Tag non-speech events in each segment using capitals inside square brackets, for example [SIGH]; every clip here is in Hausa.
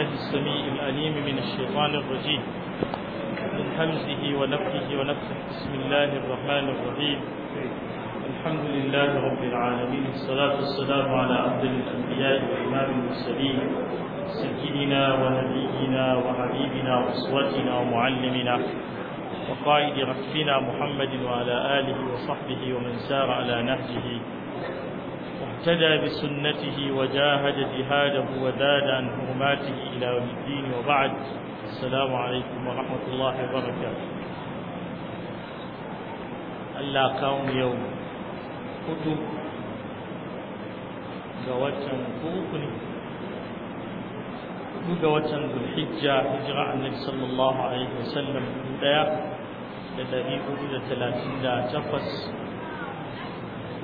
السميع الأليم من الشيطان الرجيم من حمزه ونفخه ونفخه بسم الله الرحمن الرحيم الحمد لله رب العالمين الصلاة والسلام على عبد الأنبياء وإمام المرسلين سيدنا ونبينا وحبيبنا وأسوتنا ومعلمنا وقائد ركبنا محمد وعلى آله وصحبه ومن سار على نهجه واهتدى بسنته وجاهد جهاده وذاد عن حرماته إلى يوم الدين وبعد السلام عليكم ورحمة الله وبركاته ألا كون يوم كتب ga watan uku ga watan zulhijja hijira annabi sallallahu alaihi wasallam daya da dari hudu da talatin da takwas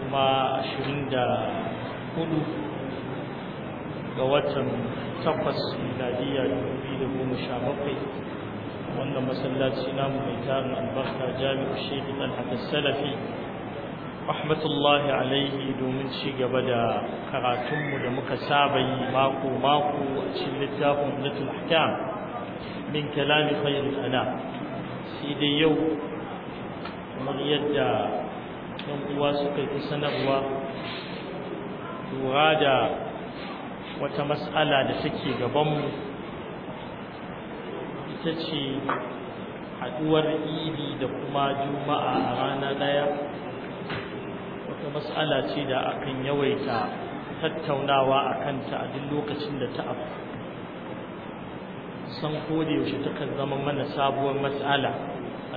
kuma ashirin da hudu ga watan takwas miladiya dubu da goma sha bakwai wanda masallaci namu mai tarin albarka jami'u shehu ɗan haka salafi rahmatullahi alaihi domin ci gaba da karatunmu da muka saba yi mako mako a cikin littafin Umdatul Ahkam min kalami khairul anam sai dai yau kamar yadda yan uwa suka yi sanarwa lura da wata mas'ala da take gabanmu ita ce haɗuwar idi da kuma juma'a a rana ɗaya to mas'ala ce da akan yawaita tattaunawa a kanta a duk lokacin da ta abu san ko da yaushe takan zama mana sabuwar mas'ala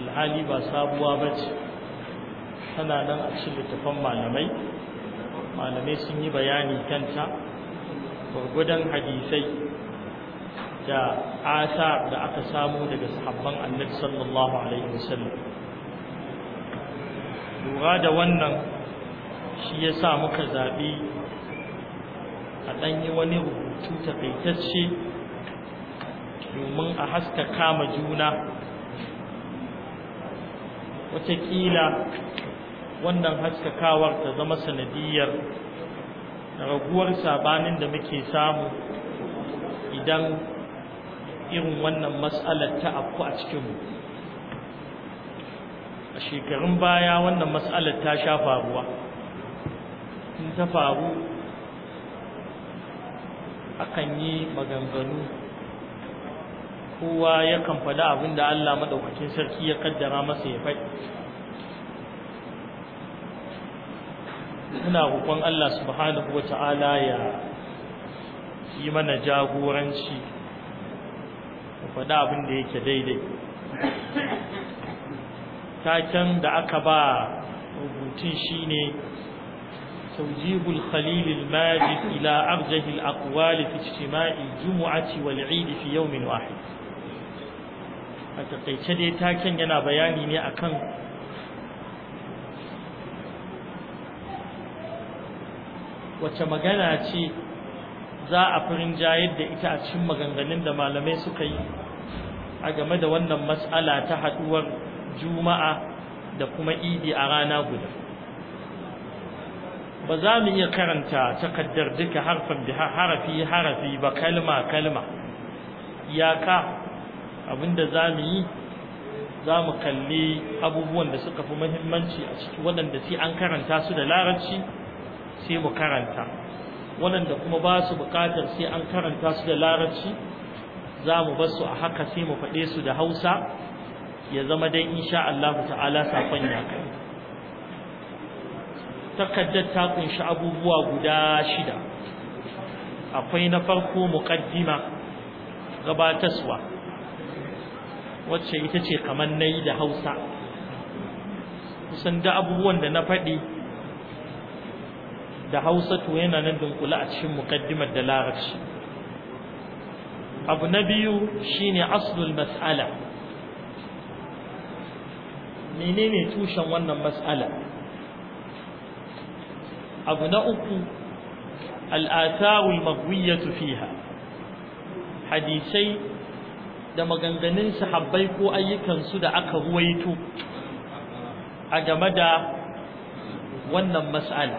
alhali ba sabuwa ba ce tana nan a cikin littafan malamai malamai sun yi bayani kanta gwargwadon hadisai da asar da aka samu daga sahabban annabi sallallahu alaihi wasallam lura da wannan shi ya sa muka zaɓi a ɗanyi wani rubutu ta taƙaitacce domin a haska kama juna watakila wannan haskakawar ta zama sanadiyar raguwar sabanin da muke samu idan irin wannan matsalar ta afku a cikinmu a shekarun baya wannan matsalar ta sha faruwa in ta faru akan yi maganganu kowa yakan faɗi abin da Allah maɗaukacin sarki ya kaddara masa ya faɗi Suna hukun Allah subhanahu wa ta'ala ya yi mana jagoranci mu faɗi abin da yake daidai taken da aka ba rubutun shine توجيه الخليل الماجد إلى أرجه الأقوال في اجتماع الجمعة والعيد في يوم واحد أتقيت دي تاكن ينا بياني ني أكن وتمغانا تي za a farin jayar da ita a cikin maganganun da malamai suka yi a game da wannan matsala ta haɗuwar juma'a da kuma idi a rana guda ba za mu iya karanta takaddar duka harfan da harafi harafi ba kalma kalma iyaka abinda za mu yi za mu kalli abubuwan da suka fi muhimmanci a ciki waɗanda sai an karanta su da larabci sai mu karanta waɗanda kuma ba su buƙatar sai an karanta su da larabci za mu bar su a haka sai mu faɗe su da hausa ya zama dai insha Allah ta'ala sakon ya kai takaddar ta kunshi abubuwa guda shida akwai na farko muqaddima gabataswa wacce ita ce kamar nayi da Hausa kusan da abubuwan da na faɗi da Hausa to yana nan dunkula a cikin muqaddimar da Larabci abu na biyu shine aslul mas'ala menene tushen wannan mas'ala abu na uku al'asarul magwiyatu fiha hadisai da maganganun sahabbai ko ayyukansu da aka ruwaito a game da wannan mas'ala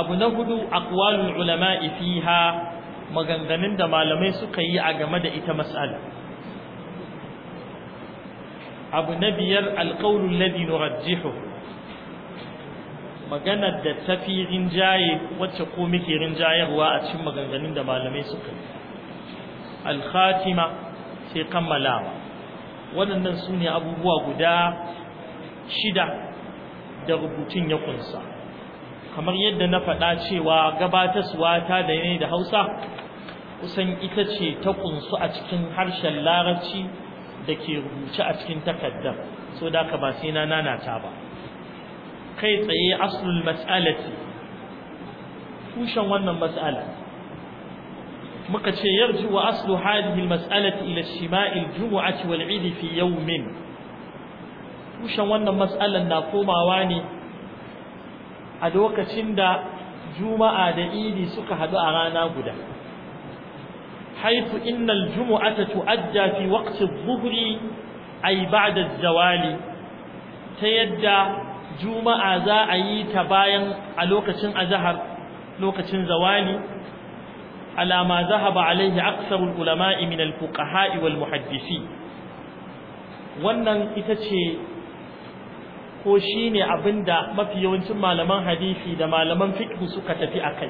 abu na hudu akwalul ulama'i fiha maganganun da malamai suka yi a game da ita mas'ala abu na biyar alqawlul ladhi nurajjihuhu maganar da tafi rinjaye wacce ko muke rinjayarwa a cikin maganganun da malamai suka yi al-khatima sai kammalawa waɗannan su ne abubuwa guda shida da rubutun ya kunsa kamar yadda na faɗa cewa gabatarsuwa ta da yanayi da hausa kusan ita ce ta kunsu a cikin harshen larabci da ke rubuce a cikin takardar, so da ka ba sai na nanata ba kai tsaye aslul mas'alati tushen wannan mas'ala muka ce yarji wa aslu hadhihi almas'alati ila shima'i aljum'ati wal fi yawmin tushen wannan mas'alan na komawa ne a lokacin da juma'a da idi suka hadu a rana guda حيث إن الجمعة تؤدى في وقت الظهر أي بعد الزوال تيدى juma'a za a yi ta bayan a lokacin azhar lokacin zawali alama zahaba alaihi aksarul ulama'i min al-fuqaha'i wal muhaddisi wannan ita ce ko shine abinda mafi yawancin malaman hadisi da malaman fiqh suka tafi akai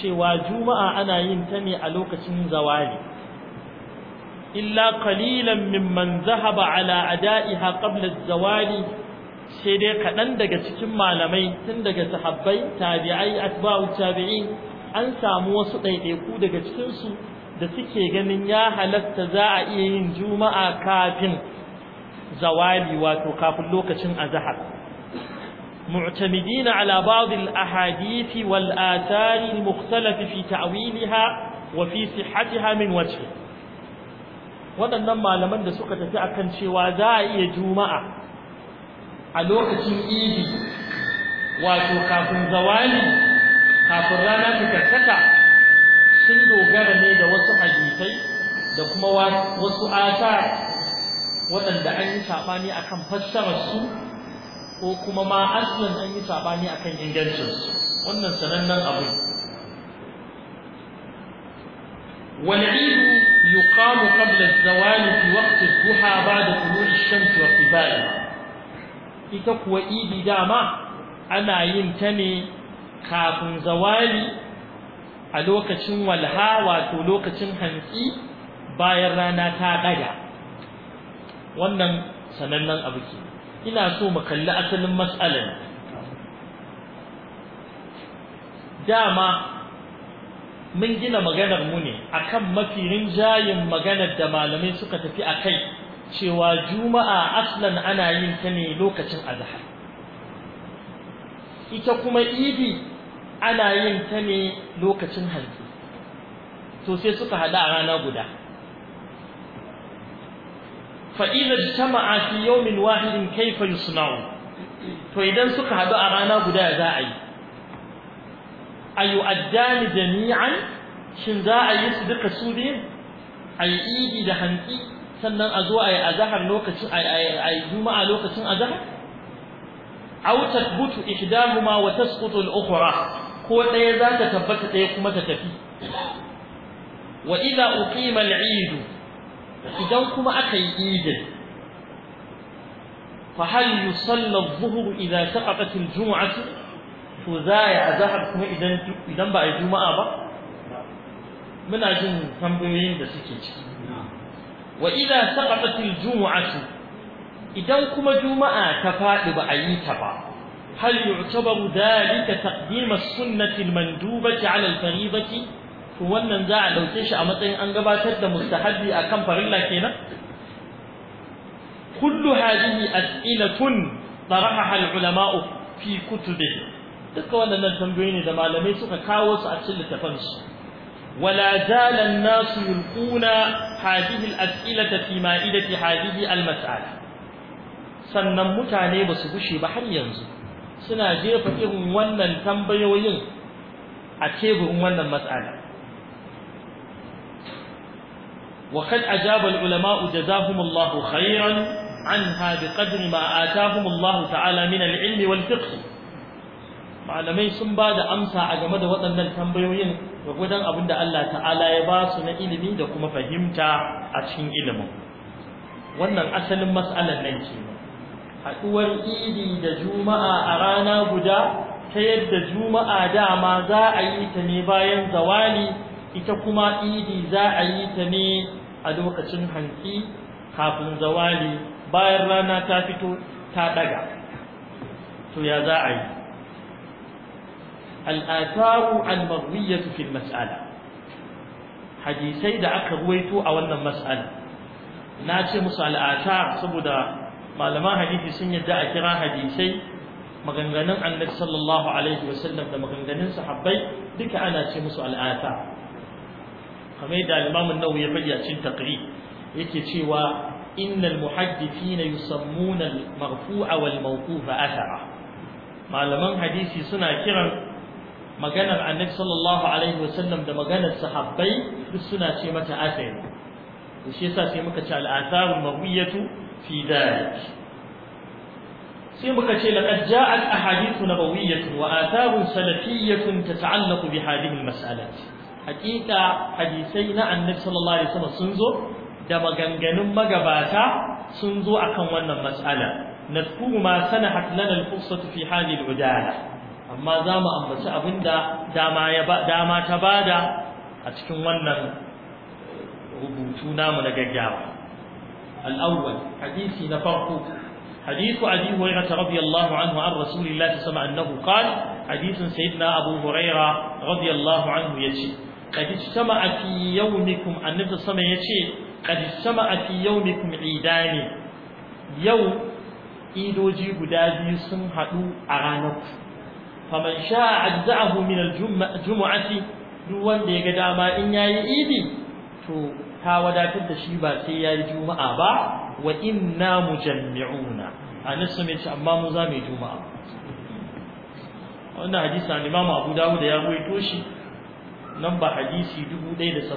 cewa juma'a ana yin ta ne a lokacin zawali illa qalilan mimman zahaba ala ada'iha qabla az-zawali sai dai kaɗan daga cikin malamai tun daga sahabbai tabi'ai atba'u tabi'in an samu wasu ɗaiɗaiku daga cikinsu da suke ganin ya halatta za a iya yin juma'a kafin zawali wato kafin lokacin azahar معتمدين على بعض الأحاديث والآثار المختلف في تأويلها وفي صحتها min وجه waɗannan malaman da suka tafi akan cewa za a iya juma'a a lokacin idi wato kafin zawali kafin rana ta karkata sun dogara ne da wasu hadisai da kuma wasu ata waɗanda an yi saɓani akan fassararsu ko kuma ma aslan an yi saɓani akan ingancinsu wannan sanannen abu والعيد يقام قبل الزوال في وقت الضحى بعد طلوع الشمس وارتفاعها ita kuwa idi dama ana yin ta ne kafin zawali a lokacin walha wato lokacin hantsi bayan rana ta ɗaga wannan sanannen abu ke ina so mu kalli asalin matsalar dama mun gina maganar mu ne akan mafi rinjayin maganar da malamai suka tafi a kai cewa juma'a aslan ana yin ta ne lokacin azhar ita kuma idi ana yin ta ne lokacin hantsi to sai suka hada a rana guda fa idza fi yawmin wahidin kayfa yusna'u to idan suka hadu a rana guda za a yi ayu addani jami'an shin za a yi su duka su biyun ayi idi da hantsi sannan a zo a yi azahar lokacin a yi juma'a lokacin azahar aw tathbutu ihdahuma wa tasqutu al-ukhra ko ɗaya za ta tabbata ɗaya kuma ta tafi wa idza uqima al-eid idan kuma aka yi eid fa hal yusalla adh-dhuhr idza saqatat al-jum'ah to za ya kuma idan idan ba a juma'a ba muna jin tambayoyin da suke ciki wa idza saqatat al-jum'atu idan kuma juma'a ta fadi ba a yi ta ba hal yu'tabaru dhalika taqdim as-sunnati al-mandubati 'ala al-fariidati wannan za a dauke shi a matsayin an gabatar da mustahabbi akan farin kenan kullu hadhihi as'ilatun طرحها العلماء في كتبه duka waɗannan tambayoyi ne da malamai suka kawo su a cikin littafansu wala zalan nasu yulquna hadhihi al-as'ilata fi ma'idati hadhihi sannan mutane ba su gushe ba har yanzu suna jefa irin wannan tambayoyin a teburin wannan mas'ala وقد أجاب العلماء جزاهم الله خيرا عنها بقدر ما آتاهم الله تعالى من العلم والفقه malamai sun ba da amsa a game da waɗannan tambayoyin gwagwadon abin da Allah ta'ala ya ba su na ilimi da kuma fahimta a cikin ilimin wannan asalin mas'alar nan ce haɗuwar idi da juma'a a rana guda ta yadda juma'a dama za a yi ta ne bayan zawali ita kuma idi za a yi ta ne a lokacin hantsi kafin zawali bayan rana ta fito ta ɗaga to ya za a yi al-atharu al-marwiyah fi al hadisai da aka ruwaito a wannan mas'ala na ce musu al-athar saboda malaman hadisi sun yadda a kira hadisai maganganun annabi sallallahu alaihi wasallam da maganganun sahabbai duka ana ce musu al-athar kamar da al-imam an-nawawi ya bayyana cikin taqrib yake cewa إن المحدثين يسمون المرفوع والموقوف أثرا معلمان حديثي سنة كرا maganar annabi sallallahu alaihi wa sallam da maganar sahabbai duk suna ce mata asari to shi yasa sai muka ce al-atharu mawiyatu fi dhalik sai muka ce laqad ja'at ahadithu nabawiyyatun wa atharu salafiyyatun tata'allaqu bi hadhihi al-mas'alati haqiqa hadisai na annabi sallallahu alaihi wasallam sun zo da maganganun magabata sun zo akan wannan mas'ala nadkuru ma sanahat lana al-fursatu fi hadhihi al-udalah amma za mu ambaci abin da dama ta bada a cikin wannan rubutu namu na gaggawa al'awwal hadisi na farko حديث أبي هريرة رضي الله عنه عن رسول الله صلى الله عليه وسلم أنه قال حديث سيدنا أبو هريرة رضي الله عنه يشي قد اجتمع في يومكم أن نتصم يشي قد اجتمع في يومكم عيدان يوم إيدوجي قدادي سنحة أغانكم faman sha'a ajza'ahu min al-jum'ati duk wanda ya ga dama in yi idi to ta wadatar da shi ba sai yayi juma'a ba wa inna ce amma mu za mu yi juma'a wannan hadisi an imamu abu dawud ya ruwaito shi nan ba hadisi 1073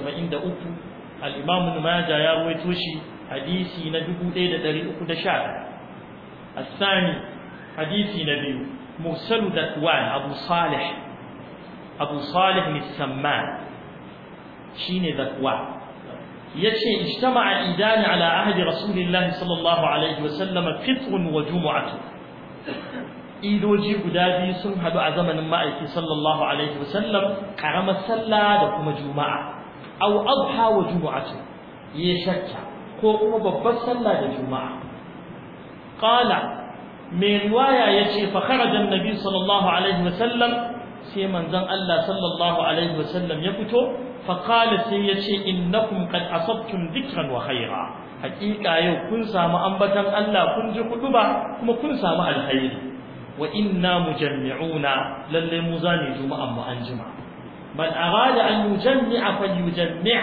al-imamu numaja ya ruwaito shi hadisi na sani hadisi na biyu. مرسل دكوان أبو صالح أبو صالح Ya السمان شين دكوان يتشي اجتمع الإيدان على عهد رسول الله صلى الله عليه وسلم فطر وجمعة idoji guda biyu sun hadu a zamanin ma'aiki sallallahu alaihi wasallam karamar sallah da kuma juma'a aw adha wa jumu'atu ya shakka ko kuma babbar sallah da juma'a qala mai riwaya ya ce fakarajen nabi sallallahu alaihi wasallam sai manzan Allah sallallahu alaihi wasallam ya fito faƙala sai ya ce innakum qad asabtum dhikran wa khaira haƙiƙa yau kun samu ambatan Allah kun ji kudu ba kuma kun samu alkhairi wa inna mujammi'una lalle mu zane juma'a mu anjima bal arada an yujammi'a falyujammi'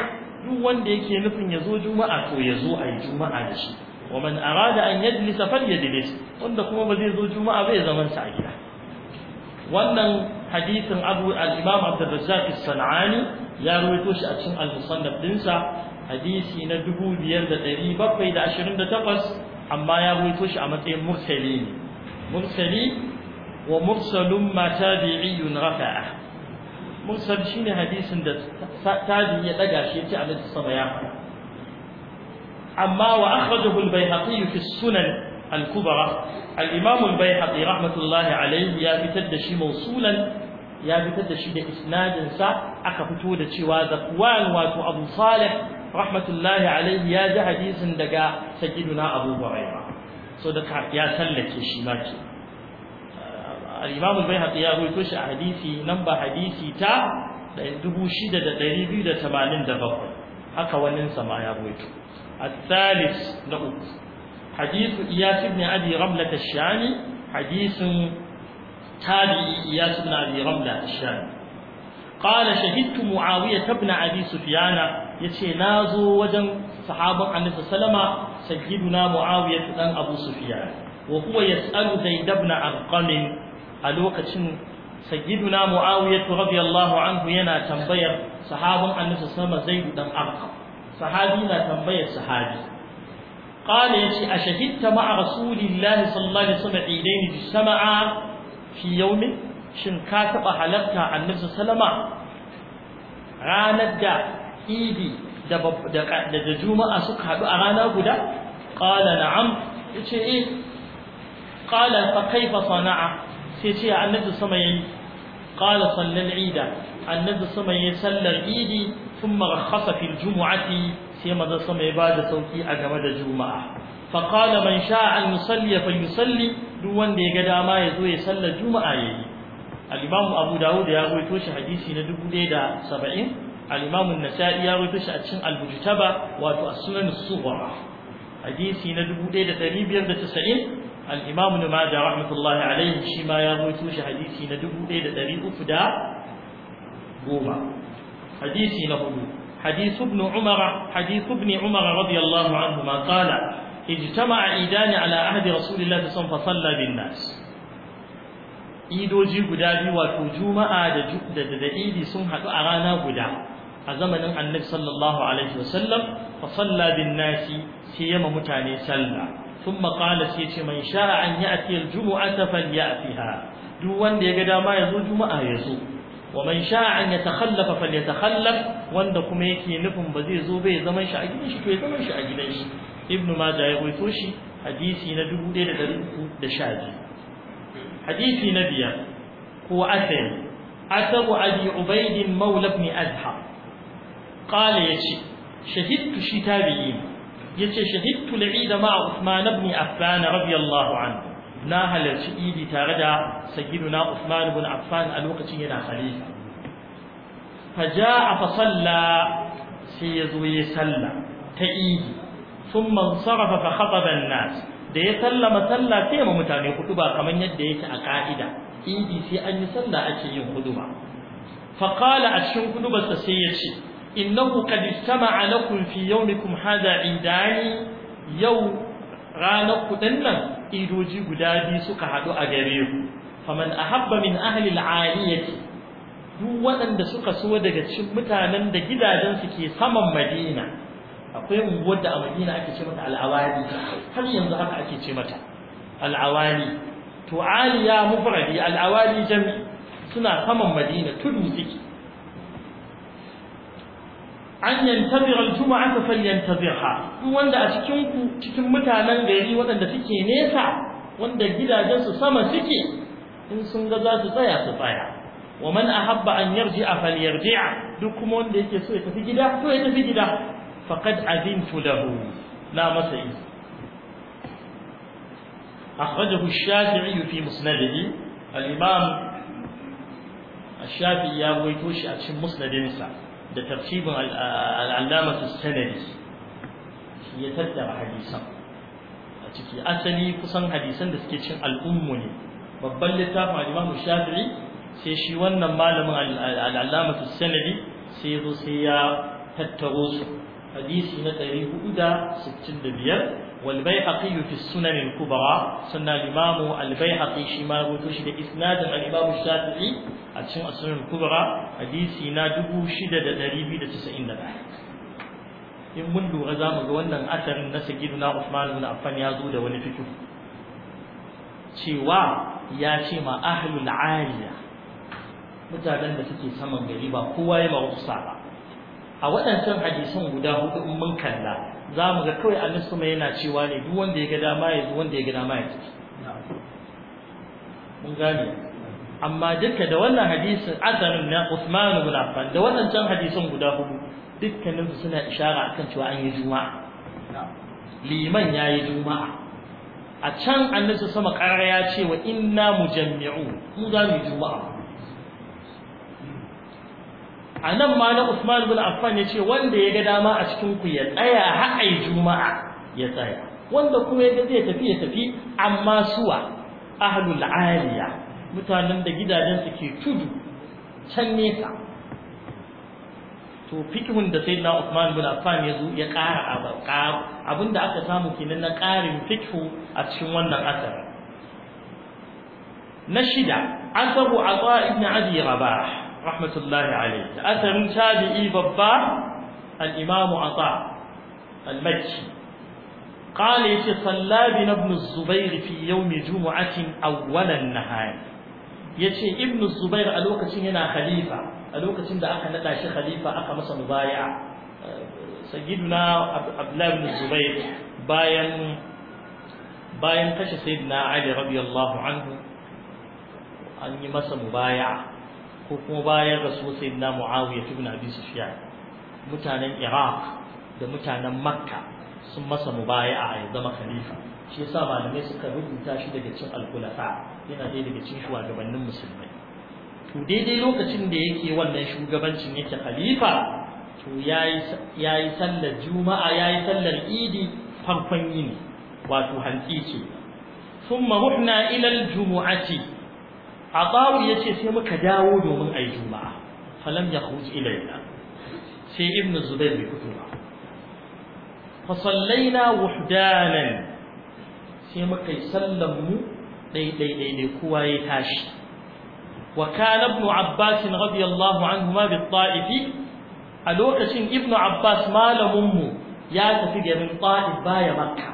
duk wanda yake nufin ya zo juma'a to ya zo ayi juma'a da shi wa man arada an yajlisa falyajlis wanda kuma ba zai zo juma'a bai zaman sa a gida wannan hadisin Abu al-Imam Abdul Razzaq ya rawaito shi a cikin al-Musannaf dinsa hadisi na da da 2728 amma ya rawaito shi a matsayin mursali ne mursali wa mursalun ma tabi'iyyun rafa'a mursal shine hadisin da tabi'i ya ɗaga shi ya ce a sama ya amma wa akhrajahu al-bayhaqi fi as-sunan al-kubra al-imam rahmatullahi alayhi ya fitar da shi mawsulan ya fitar da shi da isnadin aka fito da cewa zakwan wato abu salih rahmatullahi alayhi ya ji hadisin daga sayyiduna abu hurairah so da ya sallake shi ma ce al-imam al ya rawaito shi a hadisi namba hadisi ta 6287 haka الثالث نقول حديث إياس بن أبي رملة الشامي حديث تابعي إياس بن أبي رملة الشامي قال شهدت معاوية بن أبي سفيان يتي نازو وجن صحابة النبي صلى الله عليه وسلم سيدنا معاوية بن أبو سفيان وهو يسأل زيد بن أرقم ألوكة سيدنا معاوية رضي الله عنه ينا تنبير صحابة النبي صلى الله عليه وسلم زيد بن أرقم sahabi na tambayar sahabi qala yace a shahidta ma'a rasulillahi sallallahu alaihi wasallam idain bi sama'a fi yawmin shin ka taba halatta annabi sallama ranar da idi da juma'a suka haɗu a rana guda qala na'am yace eh qala fa sana'a sai ce annabi sallama yayi qala sallal ida annabi sallama yayi sallar idi ثم رخص في الجمعة سيما ذا سمع بعد سوكي أجمد جمعة فقال من شاء أن يصلي فليصلي دون دي قد ما يزوي يصلى جمعة يلي الإمام أبو داود يروي توش حديثي ندب ليدا سبعين الإمام النسائي يروي توش أتشن المجتبى واتو السنن الصغرى حديثي ندب ليدا تريب يرد تسعين الإمام نماجة رحمة الله عليه شما يروي توش حديثي ندب ليدا تريب فدا قوما hadisi na hudu حديث ابن عمر حديث ابن عمر رضي الله عنهما قال اجتمع عيدان على عهد رسول الله صلى الله عليه وسلم فصلى بالناس idoji guda biyu wato juma'a da da da idi sun haɗu a rana guda a zamanin annabi sallallahu alaihi sallam fa salla bin nasi sai yama mutane salla thumma qala sai ce man sha'a an ya'ti al-jumu'ata falyatiha duk wanda ya ga dama ya zo juma'a ya zo wa man sha'a an yatakhallafa falyatakhallaf wanda kuma yake nufin ba zai zo ba zaman shi a gidan shi to ya zaman shi a gidan shi ibnu majah ya rawaito shi hadisi na 1312 hadisi na biyar ko asali asabu abi ubaid maula ibn azha qala yace shahidtu shi tabi'in yace shahidtu al'id na halarci idi tare da Sagidu na Usman ibn Affan a lokacin yana khalifa faja a Fasalla sai yazo ya salla ta idi thumma sarafa fa khataba nas da ya sallama salla sai ma mutane ba kaman yadda yake a ka'ida idi sai an yi salla ake yin huduba fa qala a cikin hudubarsa sai ya ce innahu qad istama'a lakum fi yawmikum hadha idani yau ranar kuɗin nan idoji guda biyu suka haɗu a gare ku faman ahabba min ahli al'aliyati duk waɗanda suka so daga cikin mutanen da gidajensu ke saman Madina akwai unguwar da a Madina ake ce mata al'awali har yanzu haka ake ce mata al'awali to aliya mufradi al'awali jami suna saman Madina tudu suke an yantabira aljum'ata falyantabirha duk wanda a cikin ku cikin mutanen gari waɗanda suke nesa wanda gidajen su sama suke in sun ga za su tsaya su tsaya wa man ahabba an yarji'a falyarji'a duk kuma wanda yake so ya tafi gida So ya tafi gida faqad azintu lahu la masa أخرجه الشافعي في مسنده الإمام الشافعي يروي توشي أتشم مسند نساء da tafsirin al'allama sanadi ya tattara hadisan a ciki asali kusan hadisan da suke cin al'ummu ne babban littafin al'imamu shafi'i sai shi wannan malamin al'allama sanadi sai ya zo sai ya tattaro su hadisi na 465 والبيهقي في السنن الكبرى سنة الإمام البيهقي شما وتشد إسناد الإمام الشافعي أتشم السنن الكبرى حديثي نادب شدة دريبي لتسعين لنا in mun lura za mu ga wannan asarin na sagiduna Uthman ibn Affan ya zo da wani fito cewa ya ce ma ahlul mutanen da suke saman gari ba kowa ya ba rusa ba a waɗancan hadisan guda hudu in mun kalla za mu ga kawai annabi sama yana cewa ne duk wanda ya ga dama ya duk wanda ya ga dama ya tafi mun gane amma duka da wannan hadisin azanin na Uthman ibn Affan da wannan can hadisin guda hudu dukkanin su suna ishara akan cewa an yi juma'a liman ya yi juma'a a can annabi sama karara ya ce wa inna mujammi'u mun za juma'a a nan ma na Usman bin Affan ya ce wanda ya ga dama a cikin ku ya tsaya har ai juma'a ya tsaya wanda kuma ya zai tafi ya tafi amma suwa ahlul aliya mutanen da gidajen su ke tudu can nesa to fikihun da sayyidina Usman bin Affan ya zo ya ƙara abinda aka samu kenan na ƙarin fikihu a cikin wannan asar na shida asabu ata ibn abi rabah rahmatullahi alayhi da asarin tabi'i babba al-imam ata al-makki قال يتي صلى بنا ابن الزبير في يوم جمعة أول النهار يتي ابن الزبير ألوكة هنا خليفة ألوكة دا أخا نداشي خليفة أخا مسا مبايع سيدنا عبد الله بن الزبير باين bayan kashe sayyidina Ali radiyallahu anhu an yi masa mubaya'a ko kuma bayan rasul sayyidina muawiya ibn abi sufyan mutanen iraq da mutanen makka sun masa mubaya'a ya zama khalifa shi yasa malamai suka rubuta shi daga cikin al-khulafa yana dai daga cikin shugabannin musulmai to daidai lokacin da yake wannan shugabancin yake khalifa to yayi sallar juma'a yayi sallar idi farkon yini wato hantsi ce ثم رحنا إلى الجمعة Abawu ya ce sai muka dawo domin a yi juma'a falam ya huji ilaina sai ibn zubair bai fito ba fa sallaina wahdanan sai muka yi sallan mu dai dai dai ne kowa ya tashi wa kana ibn abbas radiyallahu anhuma bi ta'ifi a lokacin ibn abbas malamin mu ya tafi garin ta'if baya makka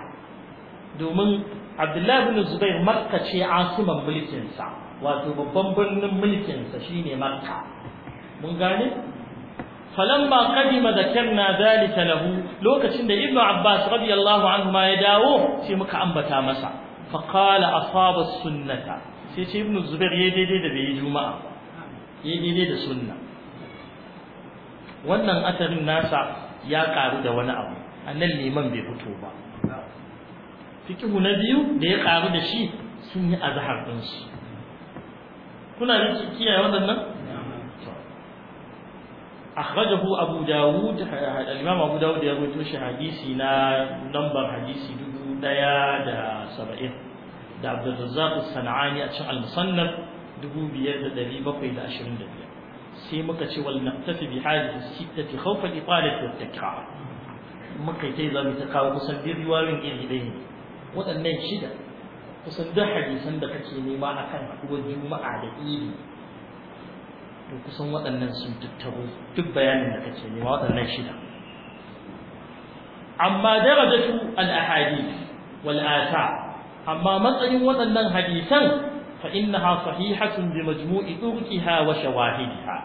domin abdullahi ibn zubair makka ce asiman mulkin sa wato babban birnin sa shine makka mun gane falamma qadima dhakarna dhalika lahu lokacin da ibnu abbas radiyallahu anhu ma ya dawo sai muka ambata masa fa qala asaba sunnata sai ce ibnu zubair ya daidai da bai juma'a ya daidai da sunna wannan asarin nasa ya karu da wani abu annan liman bai fito ba fikihu na biyu da ya karu da shi sun yi azhar din su kuna yin kiyaye wadannan akhrajahu abu daud al-imam abu daud ya rawaito shi hadisi na lambar hadisi 170 da abdul razzaq sanani a cikin al-musannaf 2725 sai muka ce wal naftafi bi hadhihi sittati khawfa al-iqalat wa al-takra muka kai za ta kawo kusan biyu riwayoyin iri ɗaya ne waɗannan shida kusan duk hadisan da kake nema akan haɗuwar juma'a da idi to kusan waɗannan sun tattaro duk bayanin da kake nema waɗannan shida amma darajatu al-ahadith wal asa amma matsayin waɗannan hadisan fa innaha sahihatun bi majmu'i turkiha wa shawahidiha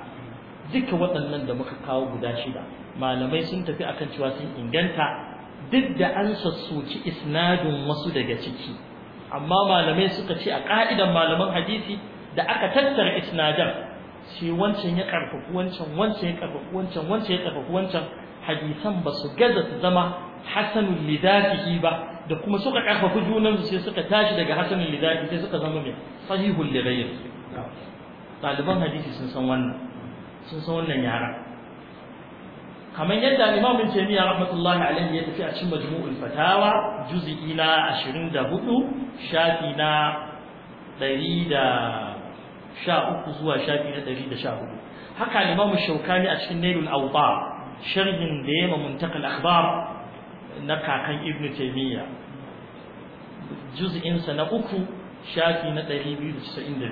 duka waɗannan da muka kawo guda shida malamai sun tafi akan cewa sun inganta duk da an sassoci isnadin wasu daga ciki amma malamai suka ce a ka'idan malaman hadisi da aka tattara isnadar sai wancan ya karfafi wancan wancan ya karfafi wancan wancan ya karfafi wancan hadisan ba su gaza su zama hasanul lidatihi ba da kuma suka karfafi junansu sai suka tashi daga hasanul lidatihi sai suka zama mai sahihul lighayr ɗaliban hadisi sun san wannan sun san wannan yara kamar yadda Imam taimiyya, rahmatullahi alaihi ya tafi a cikin Majmu'ul Fatawa juz'i na 24 shafi na 113 zuwa shafi na 114 haka Imam Shawkani a cikin Nailul Awtar sharhin da yayin Muntakal Akhbar na kakan Ibn Taimiyya? juz'in sa na uku shafi na 295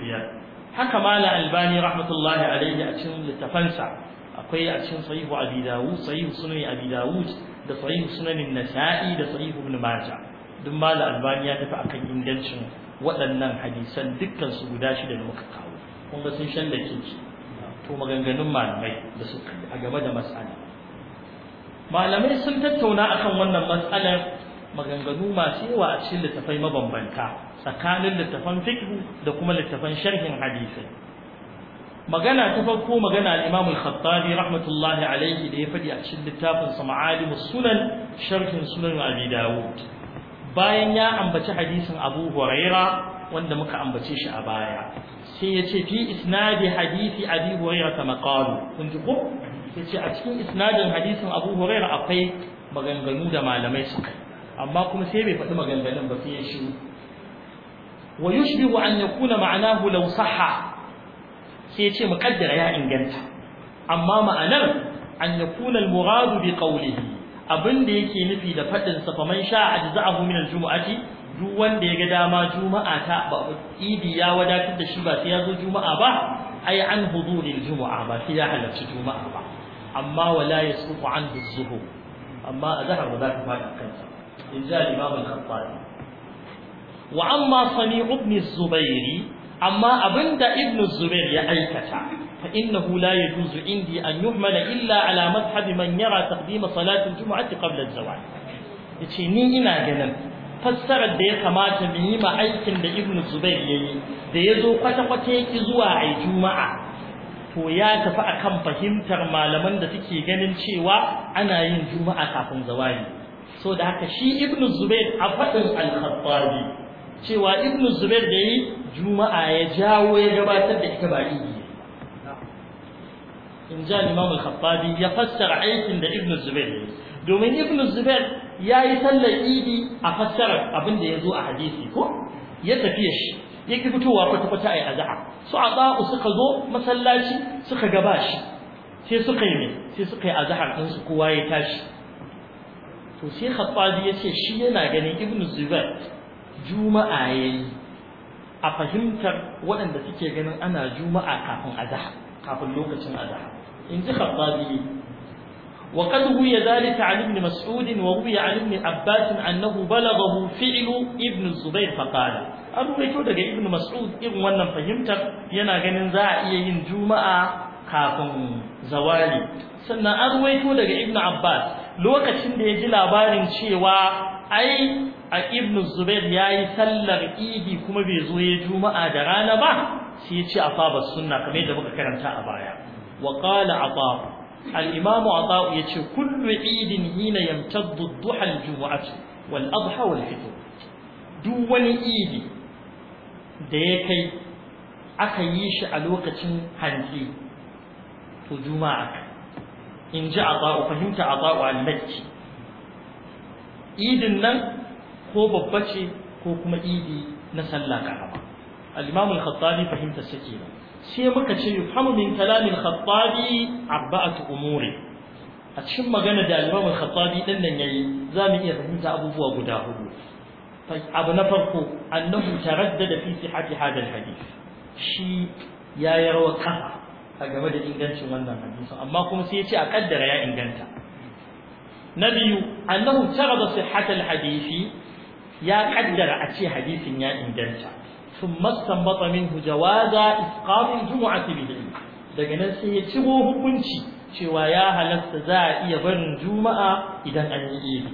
haka Malam Albani rahmatullahi alaihi a cikin littafansa akwai a cikin sahihu abi dawud sahihu sunan abi dawud da sahihu sunan nasa'i da sahihu ibn majah duk mal albani ya tafi akan ingancin waɗannan hadisan dukkan su guda shida da muka kawo kun ga sun shan da kinki to maganganun malamai da su a game da matsala malamai sun tattauna akan wannan matsalar maganganu masu yawa a cikin littafai mabambanta tsakanin littafan fiqh da kuma littafan sharhin hadisai magana ta farko magana al al-Khattabi rahmatullahi alayhi da ya faɗi a cikin littafin sa Ma'alim sunan sharhin sunan Abi Dawud bayan ya ambaci hadisin Abu Huraira wanda muka ambace shi a baya sai ya ce fi isnadi hadisi Abi Huraira ta maqalu kun ji ko yace a cikin isnadin hadisin Abu Huraira akwai maganganu da malamai suka amma kuma sai bai faɗi maganganun ba sai ya shiru wa yushbihu an yakuna ma'anahu law sai ce muqaddara ya inganta amma ma'anar an yakuna al-murad bi qawlihi abinda yake nufi da fadin sa faman sha ajza'ahu min al-jum'ati duk wanda yaga dama juma'a ta ba idi ya wadatar da shi ba sai ya zo juma'a ba ai an huduril juma'a ba sai ya halarci juma'a ba amma wala yasqutu anhu az-zuhur amma azhar ba za ka fada kansa in ja al-imam al-khattabi wa amma sami ibn az-zubairi amma abinda ibnu zubair ya aikata fa innahu la yajuzu indi an yuhmala illa ala madhhabi man yara taqdim salat al qabla az yace ni ina ganin fassarar da ya kamata mu yi ma aikin da ibnu zubair yayi da yazo kwata kwata yake zuwa ai juma'a to ya tafi akan fahimtar malaman da take ganin cewa ana yin juma'a kafin zawaji so da haka shi ibnu zubair a fadin al-khattabi cewa Ibnu zubair da yi juma'a ya jawo ya gabatar da ita ba idi in ja imam al-khattabi ya fassara aikin da Ibnu zubair domin Ibnu zubair ya yi sallar idi a fassarar abin da ya zo a hadisi ko ya tafiya shi ya ki fitowa kwata-kwata a yi azaha su a ba'u suka zo masallaci suka gaba shi sai suka yi ne sai suka yi azahar ɗinsu kowa ya tashi to sai khattabi ya ce shi yana ganin ibn zubair juma'a yayi a fahimtar waɗanda suke ganin ana juma'a kafin azhar kafin lokacin azhar in ji khabbabi wa qad huwa zalika ali ibn mas'ud wa huwa ali ibn abbas annahu balaghahu fi'lu ibn zubayr fa qala an rubuto daga ibn mas'ud irin wannan fahimtar yana ganin za a iya yin juma'a kafin zawali sannan an ruwaito daga ibn abbas lokacin da ya ji labarin cewa ai a ibnu zubair yayi sallar idi kuma bai zo ya juma'a da rana ba shi ya ce afaba sunna kamar yadda muka karanta a baya wa qala ata al-imam ata yace kullu idin hina yamtaddu ad-duha al-jum'atu wal adha wal fitr duk wani idi da ya kai aka yi shi a lokacin hantsi to juma'a in ji ata fahimta ata al-makki idin nan ko babba ce ko kuma idi na sallah karama al-imam al-khattabi fahimta sake ba sai muka ce yufhamu min kalam al-khattabi arba'atu umuri a cikin magana da al-imam al-khattabi din nan yayi zamu iya fahimta abubuwa guda hudu abu na farko annahu taraddada fi sihhati hadha al-hadith shi ya yarwa kafa a game da ingancin wannan hadisi amma kuma sai ya ce a kaddara ya inganta na biyu annahu tarada sihhat hadisi, ya ƙaddara a ce hadisin ya inganta thumma sanbata minhu jawaza isqat aljum'ah bihi daga nan sai ya cigo hukunci cewa ya halatta za iya barin juma'a idan an yi iri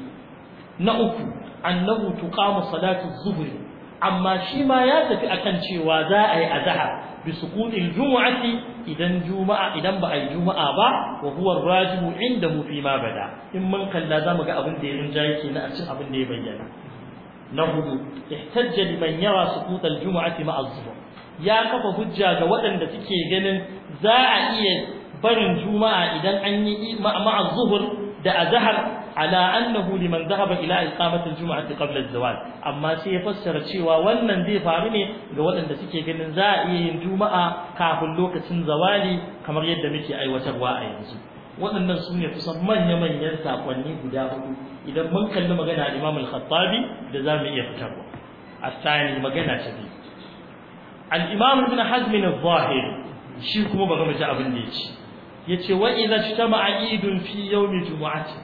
na uku annahu tuqamu salatu zuhr amma shi ma ya tafi akan cewa za a yi azhar bi suqut aljum'ah idan juma'a idan ba a yi juma'a ba wa huwa rajihu inda mu fi ma bada in mun kalla za mu ga abin da ya rinjaye ke na a cin abin da ya bayyana na hudu ihtajja liman yara suqut al-jum'ati ma'a ya kafa hujja ga waɗanda suke ganin za a iya barin juma'a idan an yi ma'a zuhur da azhar ala annahu liman dhahaba ila iqamati aljum'ati qabla az-zawal amma sai ya fassara cewa wannan zai faru ne ga waɗanda suke ganin za a iya yin juma'a kafin lokacin zawali kamar yadda muke aiwatarwa a yanzu waɗannan su ne kusan manya-manyan sakonni guda hudu idan mun kalli magana imam al-khattabi da za mu iya fitarwa asani magana ta biyu al-imam ibn hazm al-zahiri shi kuma ba ga mace abin da ya yace wa idza ijtama'a idun fi yawmi jumu'ati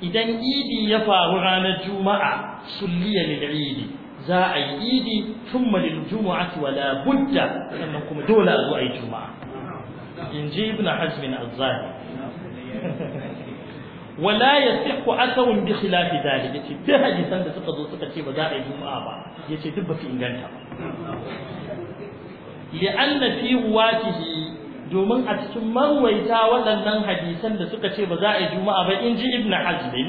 idan idi ya faru ranar juma'a sulliya lil idi za a yi idi thumma lil jumu'ati wala budda sannan kuma dole a zo a yi juma'a inji ibn hazm az-zahiri wala yasihu atharun bi khilaf dhalika yace duk hadisan da suka zo suka ce ba za a yi juma'a ba yace duk ba su inganta ba li'anna fi ruwatihi domin a cikin marwaita waɗannan hadisan da suka ce ba za a yi juma'a ba in ji ibn hazmin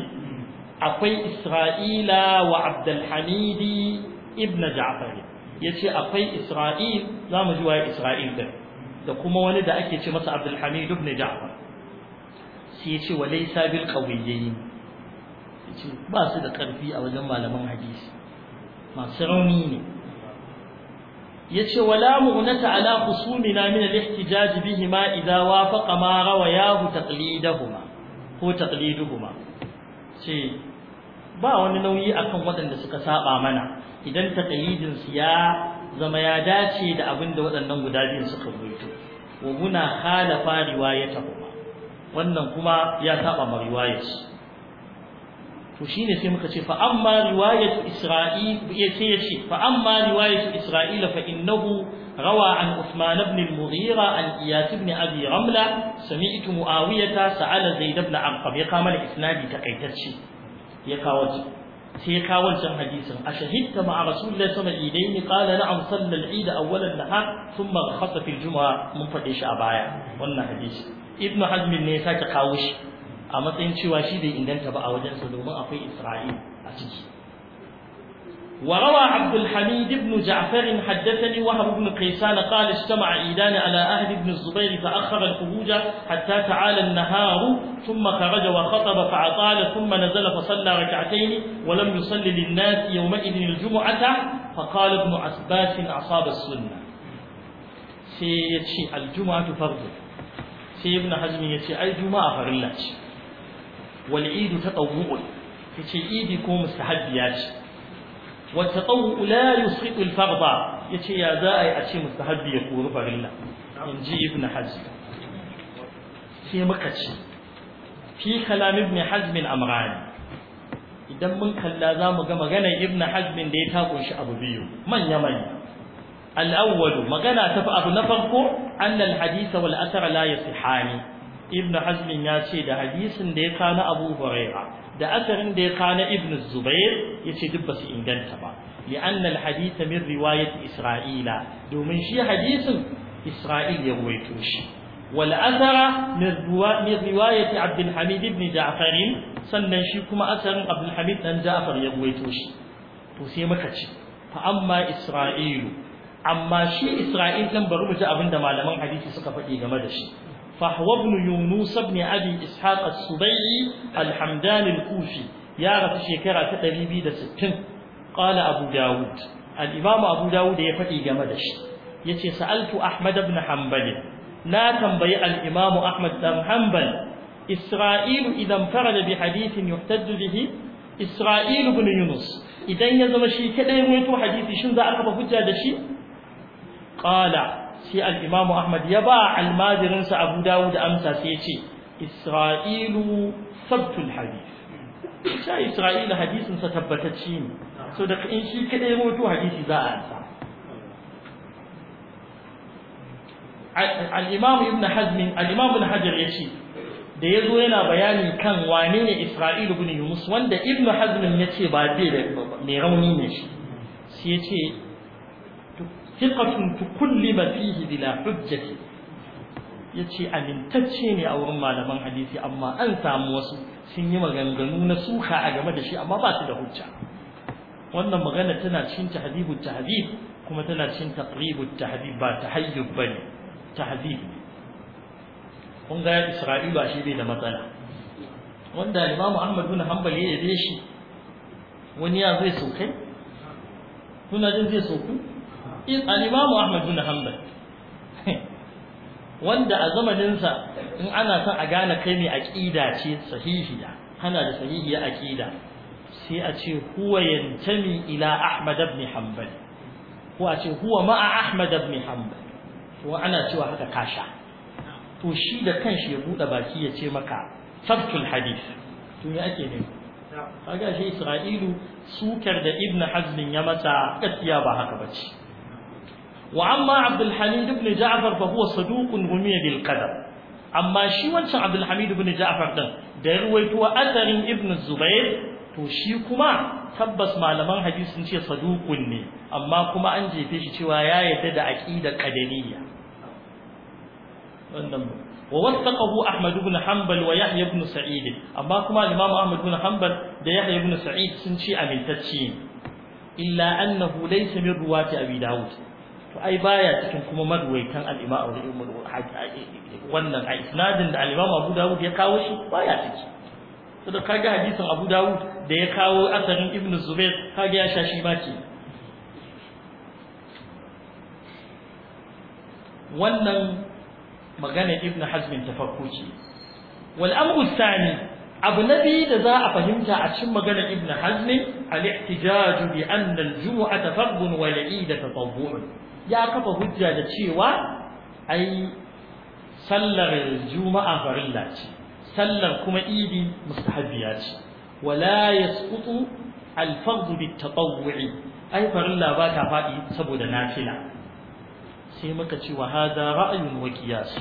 akwai isra'ila wa abdulhamidi ibn ja'fari ya ce akwai isra'il za mu ji waye isra'il din da kuma wani da ake ce masa abdulhamid ibn ja'far sai ya ce wa laysa bil qawiyyin ba su da karfi a wajen malaman hadisi masu rauni ne yace wala mu'nata ala na min al-ihtijaj bihima idha wafaqa ma rawayahu taqlidahuma ko taqliduhuma ce ba wani nauyi akan waɗanda suka saba mana idan taqlidin su ya zama ya dace da abinda da waɗannan guda biyu suka rubuto wa muna khalafa riwayatahuma wannan kuma ya saba ma riwayarsu to shine sai muka ce fa amma riwayatu isra'il sai ya ce fa amma riwayatu isra'il fa innahu rawa an usman ibn al-mughira an iyas ibn abi ramla sami'tu muawiyata sa'ala zaid ibn arqam ya kama isnadi takaitacce ya kawo sai ya kawo wancan hadisin a shahidta ma'a rasulullahi sallallahu alaihi wasallam qala na'am sallal eid awwal an-nahar thumma khassa fi al mun fade shi a baya wannan hadisi ibn hazm ne ya sake kawo shi a matsayin cewa shi bai inganta ba a wajensa domin akwai Isra'il a ciki وروى عبد الحميد بن جعفر حدثني وهب بن قيسان قال اجتمع عيدان على أهل بن الزبير فأخر الخروج حتى تعالى النهار ثم خرج وخطب فأطال ثم نزل فصلى ركعتين ولم يصل للناس يومئذ الجمعة فقال ابن عباس أصاب السنة سيتشي الجمعة فرض سي ابن حزم يتشي أي جمعة فرلاش wal idu tatawwu yace idi ko mustahabbiya ce wa tatawwu la yusqitu al farda yace ya za a yi a ce mustahabbi ya kori farilla in ji ibn hazm muka amrani idan mun kalla za mu ga maganar ibn hazm da ya takunshi abu biyu manya manya al-awwal magana ta abu na farko annal hadisa wal athara la yasihani ibn hazmin ya ce da hadisin da ya kana abu huraira da asarin da ya kana ibn zubair ya ce duk basu inganta ba li'anna al-hadith min riwayat isra'ila domin shi hadisin isra'il ya ruwaito shi wal athara min riwayat abd al ibn ja'far sannan shi kuma asarin abd al-hamid dan ja'far ya ruwaito shi muka ce fa amma isra'ilu amma shi isra'il dan bari mu ji abinda malaman hadisi suka faɗi game da shi فهو ابن يونس بن أبي إسحاق السبيعي الحمدان الكوفي يا رب شكرا تقريبي دا ستن قال أبو داود الإمام أبو داود يفتي جمدش يتي سألت أحمد بن حنبل لا تنبي الإمام أحمد بن حنبل إسرائيل إذا انفرد بحديث يحتد به إسرائيل بن يونس إذا يزمشي شيء كده يموت حديث شن ذا أقب حجة دشي قال sai al-Imam Ahmad ya ba al-Madirin sa Abu Dawud amsa sai ya ce Isra'ilu sabtul hadith Sai Isra'ilu hadisin sa tabbatacce ne so da in shi kadai rawaito hadisi za a ansa al-Imam Ibn Hazm al-Imam Ibn Hajar ce da yazo yana bayanin kan wane ne Isra'il ibn Yunus wanda Ibn Hazm ce ba dai da mai rauni ne shi sai ce thiqatun tukullima fihi bila hujjati yace amintacce ne a wurin malaman hadisi amma an samu wasu sun yi maganganu na suka a game da shi amma ba su da hujja wannan magana tana cikin tahdhibut tahdhib kuma tana cikin taqribu tahdhib ba tahayyub bane tahdhib kun ga Isra'ila shi bai da matsala wanda Imam Ahmad bin Hanbal ya yi shi wani ya zai sokai kuna jin zai soku al'imamu ahmad bin hanbal wanda a zamaninsa in ana son a gane kai mai aƙida ce sahihiya hana da sahihiya aƙida sai a ce huwa yantami ila ahmad ibn hanbal ko a ce huwa ma'a ahmad ibn hanbal to ana cewa haka kasha to shi da kanshi ya bude baki ya ce maka sabtul hadith to ya ake ne kaga shi isra'ilu sukar da ibn hazm ya mata gaskiya ba haka bace وأما عبد الحميد بن جعفر فهو صدوق رمي بالقدر أما شي وانشان عبد الحميد بن جعفر da ده رويتو أثر ابن الزبير to shi kuma tabbas malaman hadisi sun ce saduqun ne amma kuma an jefe shi cewa ya yadda da aqida qadariyya wannan wa wasaqahu ahmad ibn hanbal wa yahya ibn sa'id amma kuma imam ahmad ibn hanbal da yahya ibn sa'id sun ce amintacce illa annahu laysa min a bi daud ai baya cikin kuma madwaitan al-imam abu wannan a isnadin da al-imam abu dawud ya kawo shi baya ciki to da kaga hadisin abu dawud da ya kawo asarin ibn zubair kaga ya shashi ba ce wannan magana ibn hazm tafakku ce wal amru thani abu nabi da za a fahimta a cikin magana ibn hazm al-ihtijaj bi anna al-jum'a tafardun wa al-eid tatawwu'un ya kafa hujja da cewa ai sallar juma'a farilla ce sallar kuma idi mustahabbiya ce wala yasqutu al-fardhu bit-tatawwu'i ai farilla ba ta fadi saboda nafila sai muka ce wa hada ra'ayun wa qiyas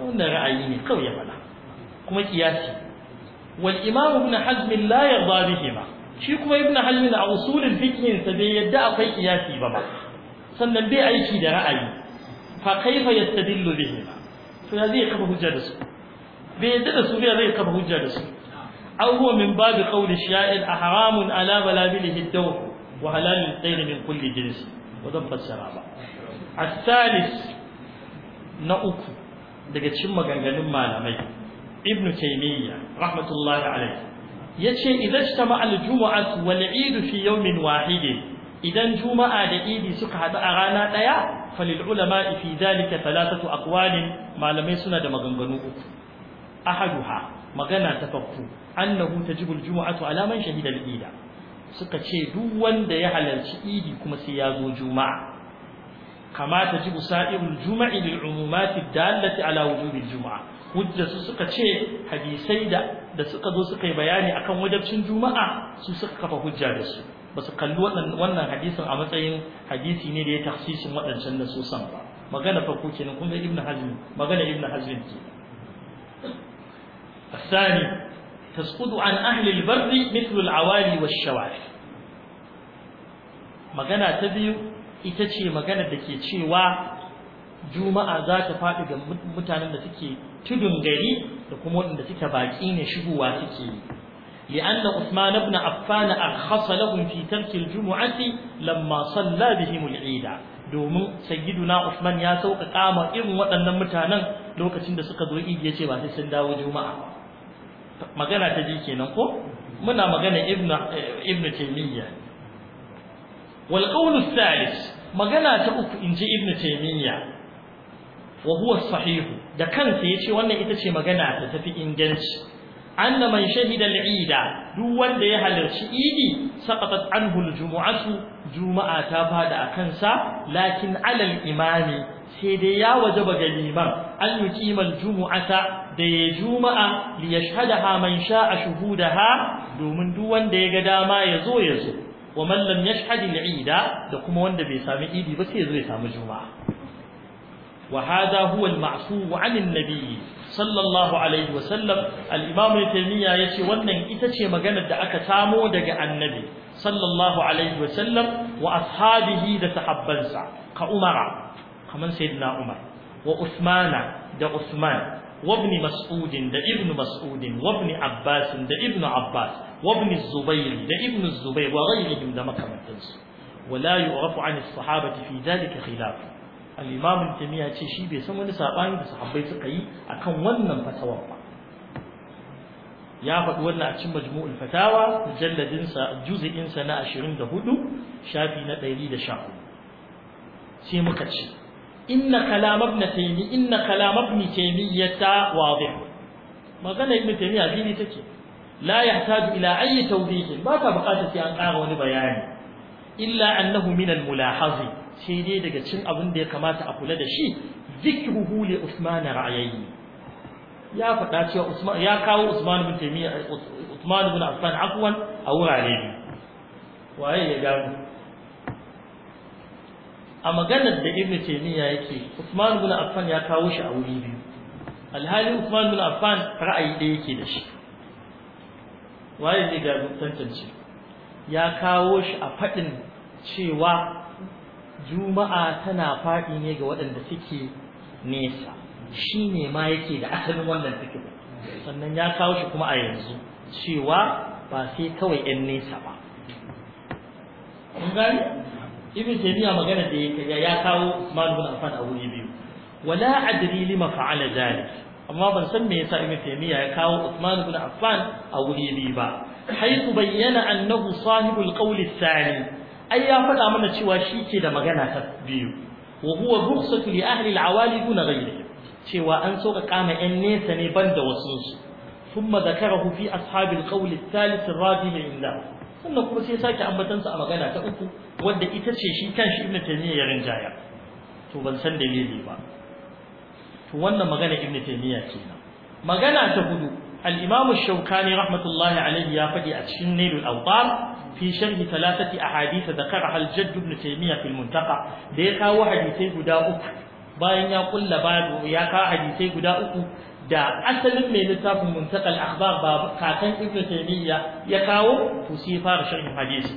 wannan ra'ayi ne kawai ya fada kuma qiyasi wal imam ibn hazm la yarda bihima shi kuma ibn hazm a usulul fiqh sa bai yadda akwai qiyasi ba ba sannan bai aiki da ra'ayi fa kaifa yastadillu bihi to ya zai kafa hujja da su bai yadda da su bai zai kafa hujja da su aw huwa min babi qawli sha'ir ahramun ala balabilihi ad wa halalun tayr min kulli jins wa dan fassara ba الثالث na uku daga cikin maganganun malamai ibn taymiya rahmatullahi alayhi yace idan tama al-jum'atu wal 'id fi yawmin wahidin idan juma'a da idi suka haɗu a rana ɗaya falil ulama fi zalika thalathatu aqwalin malamai suna da maganganu uku ahaduha magana ta farko annahu tajibu aljum'atu ala man shahida al-ida suka ce duk wanda ya halarci idi kuma sai ya zo juma'a kama tajibu sa'irul jum'i lil umumat dallati ala wujubi juma'a juma hujja su suka ce hadisai da da suka zo suka yi bayani akan wajibcin juma'a su suka kafa hujja da su ba su kalli wannan hadisin a matsayin hadisi ne da ya tafsisin waɗancan da su san ba magana farko kenan kun kuma ibn hazm magana ibn hazm ke الثاني تسقط عن أهل البر مثل العوالي والشوارع magana ta biyu ita ce magana da ke cewa juma'a za ta faɗi ga mutanen da suke tudun gari da kuma waɗanda suke baƙi ne shigowa suke yi لأن عثمان بن عفان أرخص لهم في ترك الجمعة لما صلى بهم العيد domin sayyiduna Usman ya sauƙaƙa ma irin waɗannan mutanen lokacin da suka zo idi ce ba sai sun dawo juma'a magana ta ji kenan ko muna magana ibnu ibnu taymiya wal qawl thalith magana ta uku inji ibnu taymiya wa da kansa yace wannan ita ce magana da tafi inganci anna man shahida al duk wanda ya halarci idi saqatat anhu al-jumu'atu juma'a ta fada akan sa lakin alal imami sai dai ya wajaba ga liman an yuqima al-jumu'ata da ya juma'a li yashhadaha man sha'a shuhudaha domin duk wanda ya ga dama ya zo ya zo wa man lam yashhad al da kuma wanda bai sami idi ba sai ya zo ya samu juma'a وهذا هو المعفو عن النبي sallallahu alaihi wasallam al-imam ibn ya ce wannan ita ce maganar da aka samo daga annabi sallallahu alaihi wasallam wa ashabihi da sahabbansa ka umara kaman sayyidina umar wa usmana da usman wa ibn mas'ud da ibn mas'ud wa ibn abbas da ibn abbas wa ibn zubair da ibn zubair wa ghayrihim da makamantansu ولا يعرف عن الصحابة في ذلك خلاف al-imam tamiya ce shi bai san wani saɓani da sahabbai suka yi a kan wannan fatawa ba ya faɗi wannan a cikin majmu'ul fatawa mujalladin sa juz'in sa na 24 shafi na 114 sai muka ce inna kalamar ibn taymi inna kalam ibn taymiyyata wadih magana ibn taymiya dini take la yahtaju ila ayyi tawbihin ba ta buƙatar sai an ƙara wani bayani illa annahu min al-mulahazi sai dai daga cin abin da ya kamata a kula da shi zikruhu li Usman ra'ayi ya faɗa cewa Usman ya kawo Usman bin Taymiya Usman bin Affan afwan a wurare waye ya gano a maganar da Ibn Taymiya yake Usman bin Affan ya kawo shi a wuri biyu alhali Usman bin Affan ra'ayi ɗaya yake da shi waye zai gano tantance ya kawo shi a faɗin cewa juma'a tana faɗi ne ga waɗanda suke nesa shi ma yake da asalin wannan fikir sannan ya kawo shi kuma a yanzu cewa ba sai kawai 'yan nesa ba ibn taymiya magana da yake ya kawo malum afan a wuri biyu wala adri lima fa'ala zalik amma ban san me yasa ibn taymiya ya kawo usman ibn affan a wuri biyu ba haythu bayyana annahu sahibul qawl ath-thani ai ya faɗa mana cewa shi ke da magana ta biyu wa huwa rukhsatu li ahli al-awali duna ghayrihim cewa an so ka kama yan nesa ne banda wasu su thumma zakarahu fi ashabi al-qawl al-thalith ar-rabi' inda sannan kuma sai sake ambatansa a magana ta uku wadda ita ce shi kanshi ibnu taymiya ya rinjaya to ban san dalili ba to wannan magana ibnu taymiya na. magana ta hudu الإمام الشوكاني رحمة الله عليه يافدي أتشن نيل الأوطار في شرح ثلاثة أحاديث ذكرها الجد ابن تيمية في المنتقى ديكا وحديثي قدا أك باين يقول لبعض ياكا حديثي قدا أك دا أسل من لتاب منتقى الأخبار باب قاتل ابن تيمية يكاو تسيفار شرح حديث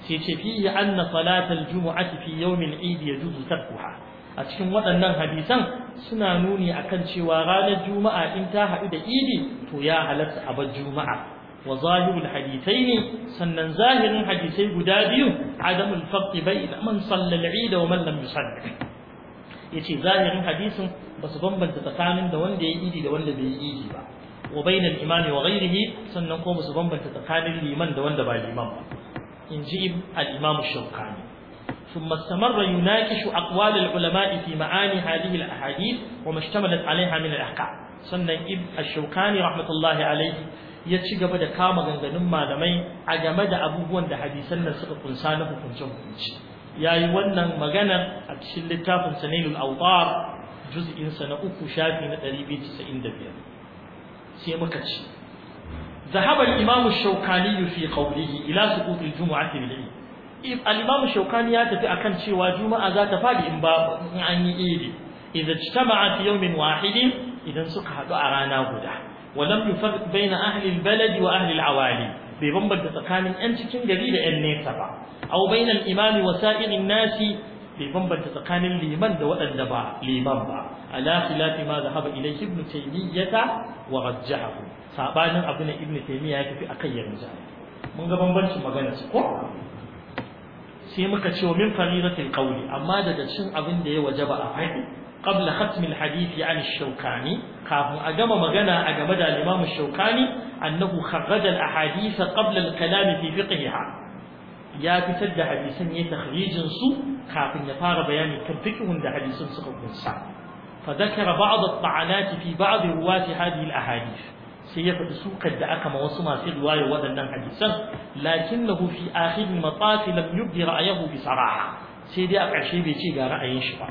سيتفيه أن صلاة الجمعة في يوم العيد يجوز تركها a cikin waɗannan hadisan suna nuni akan cewa ranar juma'a in ta haɗu da idi to ya halatta a bar juma'a wa zahirul ne, sannan zahirin hadisai guda biyu adamul farqi bayna man sallal eid wa man lam yusalli yace zahirin hadisin basu bambanta tsakanin da wanda ya idi da wanda bai idi ba wa bainal imami wa ghairihi sannan ko su bambanta tsakanin liman da wanda ba liman ba inji al-imam shawkani ثم استمر يناقش أقوال العلماء في معاني هذه الأحاديث وما اشتملت عليها من الأحكام sannan الشوكاني رحمة الله عليه ya ci gaba da kama ganganun malamai a game da abubuwan da hadisan nan suka kunsa na hukunci ya yi wannan maganar a cikin littafin sanailul autar juz'insa na uku shafi na 295 sai muka ci ذهب الإمام الشوكاني في قوله إلى سقوط الجمعة بالعيد al-imam shaukani ya tafi akan cewa juma'a za ta fadi in ba in an yi idi idza ijtama'a fi yawmin wahidin idan suka haɗu a rana guda wa lam yufarriq baina ahli al wa ahli al-awali bai bambanta tsakanin yan cikin gari da yan nesa ba aw baina al-imami wa sa'irin nasi bai bambanta tsakanin liman da waɗanda ba liman ba ala khilafi ma zahaba ilayhi ibn taymiyyah wa rajjahu sabanin abin ibn taymiyyah ya tafi akan yanzu mun ga bambancin magana ko sai muka ce min faridatil qawli amma daga cikin abin da ya wajaba a faɗi qabla khatm al hadith an shaukani kafin a gama magana a game da Imam shaukani annahu kharraja al ahadith qabla al kalam fi fiqhiha ya fitar da hadisan ya takhrijin su kafin ya fara bayani kan fiqhun da hadisan suka kunsa fa dhakara ba'd at-ta'anat fi ba'd ruwati hadhihi al ahadith sai ya faɗi sukar da aka ma wasu masu riwaya waɗannan hadisan lakinnahu fi akhir matsafi lam yubdi ra'ayahu bi saraha sai dai a ƙarshe bai ce ga ra'ayin shi ba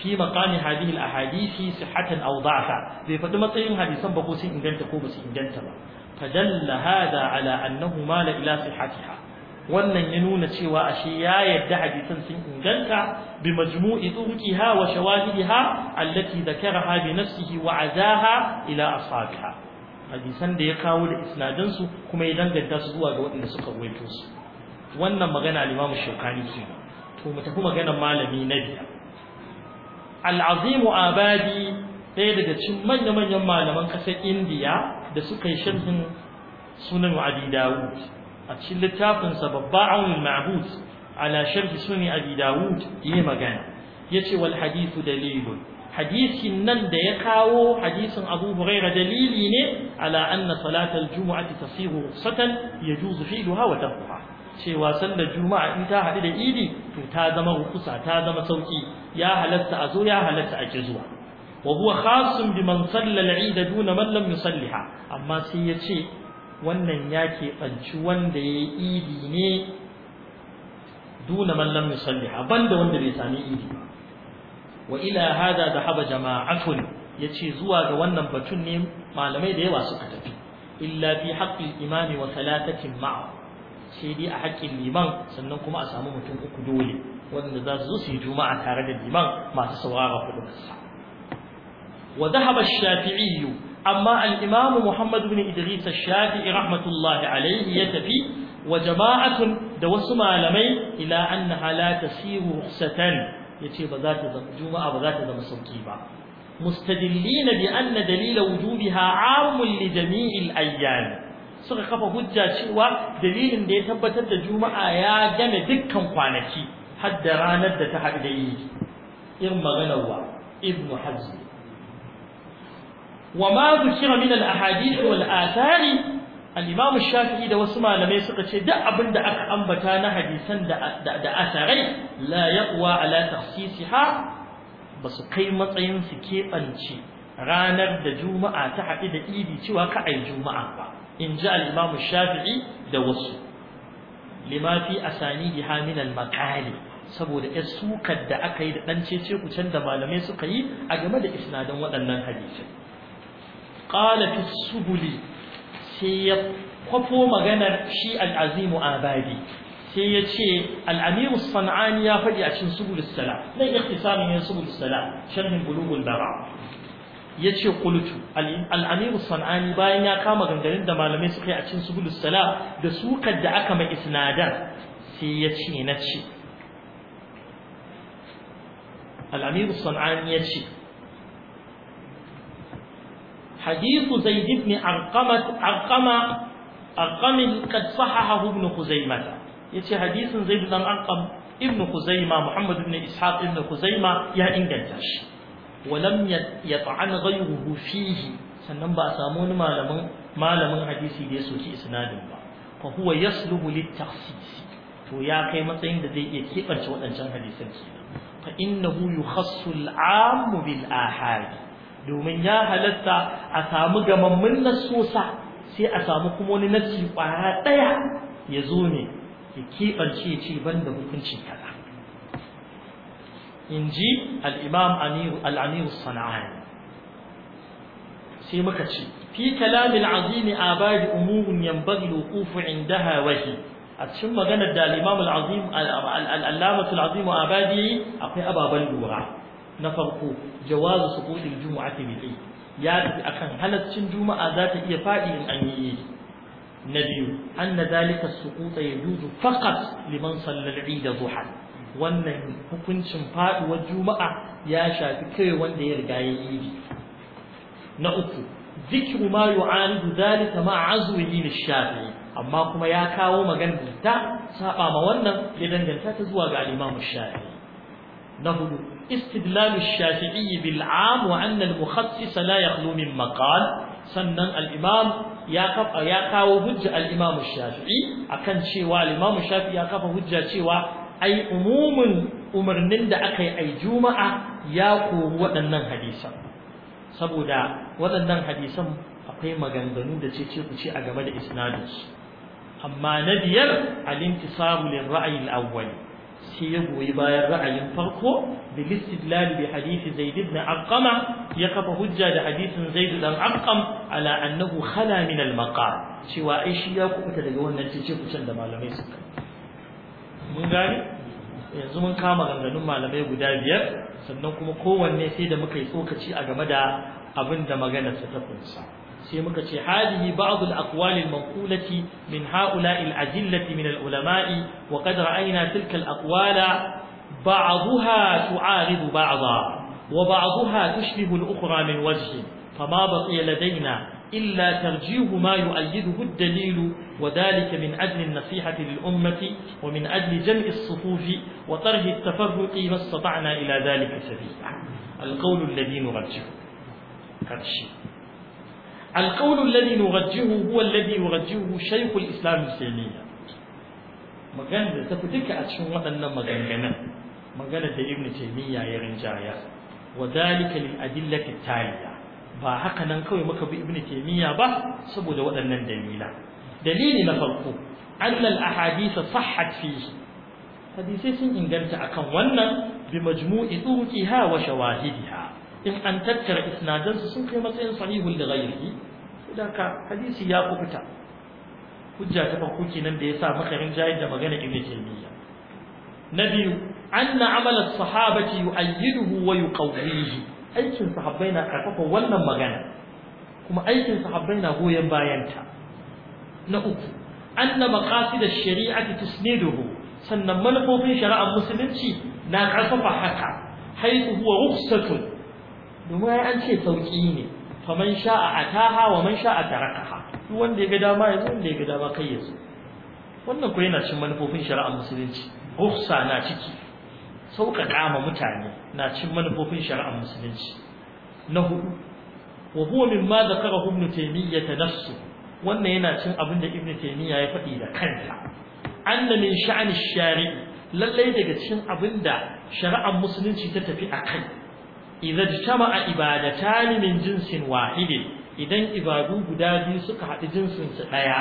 fi maqami hadhihi al-ahadisi sihhatan aw da'fa bai faɗi matsayin hadisan ba ko sun inganta ko ba su inganta ba fadalla hada ala annahu mala ila sihhatiha wannan ya nuna cewa ashe ya yadda hadisan sun inganta bi majmu'i turqiha wa shawahidiha allati dhakaraha bi nafsihi wa azaha ila ashabiha hadisan da ya kawo da isnadin su kuma ya danganta su zuwa ga waɗanda suka ruwaito su wannan magana al-Imam Shawkani ke to mu tafi maganar malami na biya al-Azim Abadi ɗaya daga cikin manya-manyan malaman ƙasar Indiya da suka yi sharhin sunan Abi Dawud a cikin littafinsa babba aunul ma'bud ala sharhi sunni abi dawud yi magana yace wal hadithu dalilun hadisin nan da ya kawo hadisin abu huraira dalili ne ala anna salatal jumu'ati tasihu ya yajuzu fi'luha wa tarkuha cewa sallar juma'a in ta haɗu da idi to ta zama rukusa ta zama sauki ya halatta a zo ya halatta a ki zuwa wa huwa khasun bi man sallal eid duna man lam yusalliha amma sai ya ce wannan ya keɓanci wanda ya yi idi ne duna mallam musalliha banda wanda bai sami idi ba wa ila hada da haba jama'atun ya ce zuwa ga wannan batun ne malamai da yawa suka tafi illa fi haƙƙin imami wa talatatin ma'a sai dai a haƙƙin liman sannan kuma a samu mutum uku dole wanda za su zo su yi juma'a tare da liman masu saurara kuɗin sa wa dhahaba shafi'iyyu amma al'imamu Muhammad ibn Idris ash-Shafi'i rahmatullahi alaihi ya tafi wa jama'atun da wasu malamai ila annaha la tasiru rukhsatan yace ba za ta zama juma'a ba za ta zama sauki ba mustadillin bi anna dalil wujubiha 'amun li jami'il ayyan suka kafa hujja cewa dalilin da ya tabbatar da juma'a ya gane dukkan kwanaki har da ranar da ta haɗe irin maganar wa ibnu hazm وما ذكر من الأحاديث والآثار الإمام الشافعي da wasu malamai suka ce duk abin da aka ambata na hadisan da asarai la yaqwa ala takhsisiha basu kai matsayin su keɓance ranar da juma'a ta haɗu da idi cewa ka ai juma'a ba in ji al-imam shafi'i da wasu lima fi Sani min al-maqali saboda ya sukar da aka yi da dan cece ku can da malamai suka yi a game da isnadin waɗannan hadisai qala fi subuli sai ya kwafo maganar shi al'azimu abadi sai ya ce al'amiru sana'ani ya faɗi a cikin subul sala na ikhtisarin yin sala bara ya ce kulutu al'amiru sana'ani bayan ya kama gangarin da malamai suka yi a cikin subul sala da sukar da aka mai isnadar sai ya ce na ce al'amiru sana'ani ya ce حديث زيد بن أرقمة أرقمة أرقم قد صححه ابن خزيمة يتي حديث زيد بن أرقم ابن خزيمة محمد بن إسحاق ابن خزيمة يا إنجلتش ولم يطعن غيره فيه sannan ba a samu wani malamin malamin hadisi da ya soki isnadin ba fa huwa yasluhu littakhsis to ya kai matsayin da zai iya kebance waɗancan hadisan fa innahu yukhassu bil ahad domin ya halatta a samu gamammin nasosa sai a samu kuma wani nassi kwaya ɗaya ya zo ne ya keɓance ce ban da hukuncin kaza in ji al'imam al'amiru sai muka ce fi kalamin azimi a bari umurin yambar lokufu inda wahi a cikin maganar da al'imam al'azim al'allamatul azim a Abadi akwai ababen lura na farko jawazu suqutil jumu'ati bi ayyi ya tafi akan halaccin juma'a za ta iya fadi in an yi na biyu anna zalika suquta yajuzu faqat liman sallal 'id duha wannan hukuncin faduwar juma'a ya shafi kai wanda ya riga ya yi na uku zikiru ma yu'aridu zalika ma azwihi lishafi'i amma kuma ya kawo maganar ta saba ma wannan ya danganta ta zuwa ga al shafi. na hudu استدلال الشافعي بالعام وأن المخصص لا يخلو من مقال سنن الإمام يقف يقاو هجة الإمام الشافعي أكن شيوا الإمام الشافعي يقف هجة شيوا أي أموم أمرنين دا أكي أي جمعة يقوم ودنن حديثا سبودا ودنن حديثا akwai maganganu da ce ce ku ce a game da isnadinsu amma na biyar al-intisabu lil ra'yi al-awwali shi ya goyi bayan ra'ayin farko bil istidlal bi hadisi zaid ibn arqam ya kafa hujja da hadisin Zaidu dan arqam ala annahu khala min al cewa ai shi ya kuɓuta daga wannan cece kucin da malamai suka mun gane yanzu mun kama ganganun malamai guda biyar sannan kuma kowanne sai da muka yi tsokaci a game da abin da maganarsa ta kunsa sai muka ce hadihi ba'd al-aqwal al-manqulati min ha'ula'i al-azillati min al-ulama'i wa qad ra'ayna tilka al-aqwala ba'daha tu'aridu ba'dha wa ba'daha tushbihu al-ukhra min wajh fama baqiya ladaina إلا ترجيه ما يؤيده الدليل وذلك من أجل النصيحة للأمة ومن أجل جمع الصفوف وطرح التفرق ما استطعنا إلى ذلك سبيلا القول الذي نرجه هذا الشيء القول الذي نرجحه هو الذي يرجحه شيخ الإسلام تيمية Maganar da tafi duka a cikin waɗannan maganganan. Maganar da ibn taymiya ya rinjaya wa dalika lil adillati taliya ba haka nan kawai muka bi ibn taymiya ba saboda waɗannan dalila dalili na farko anna al ahadith sahhat fihi hadisai sun inganta akan wannan bi majmu'i turqiha wa shawahidiha in an tattara isnadansu sun kai matsayin sahihun da ghairihi idan ka hadisi ya kubuta hujja ta farko kenan da yasa maka rinjayar da magana ibn taymiya na biyu anna amala sahabati yu'ayyiduhu wa yuqawwihi aikin sahabbai na karfafa wannan magana kuma aikin sahabbai na goyon bayanta na uku anna maqasid ash-shari'ati tusniduhu sannan manufofin shari'ar musulunci na karfafa haka haythu huwa rukhsatun domin an ce sauki ne faman sha'a ataha wa man sha'a tarakaha duk wanda ya dama yanzu, wanda ya dama kai ya wannan ko yana cin manufofin shari'ar musulunci Ruksa na ciki sauka kama mutane na cin manufofin shari'ar musulunci na hudu wa huwa mimma zakara ibn taymiyyah nafsu wannan yana cin abin da ibn taymiyyah ya faɗi da kanta. anna min sha'ani shari'i lallai daga cikin abin da shari'ar musulunci ta tafi a kai Idan idza jtama'a ibadatani min jinsin wahidin idan ibadu guda biyu suka haɗu jinsin su ɗaya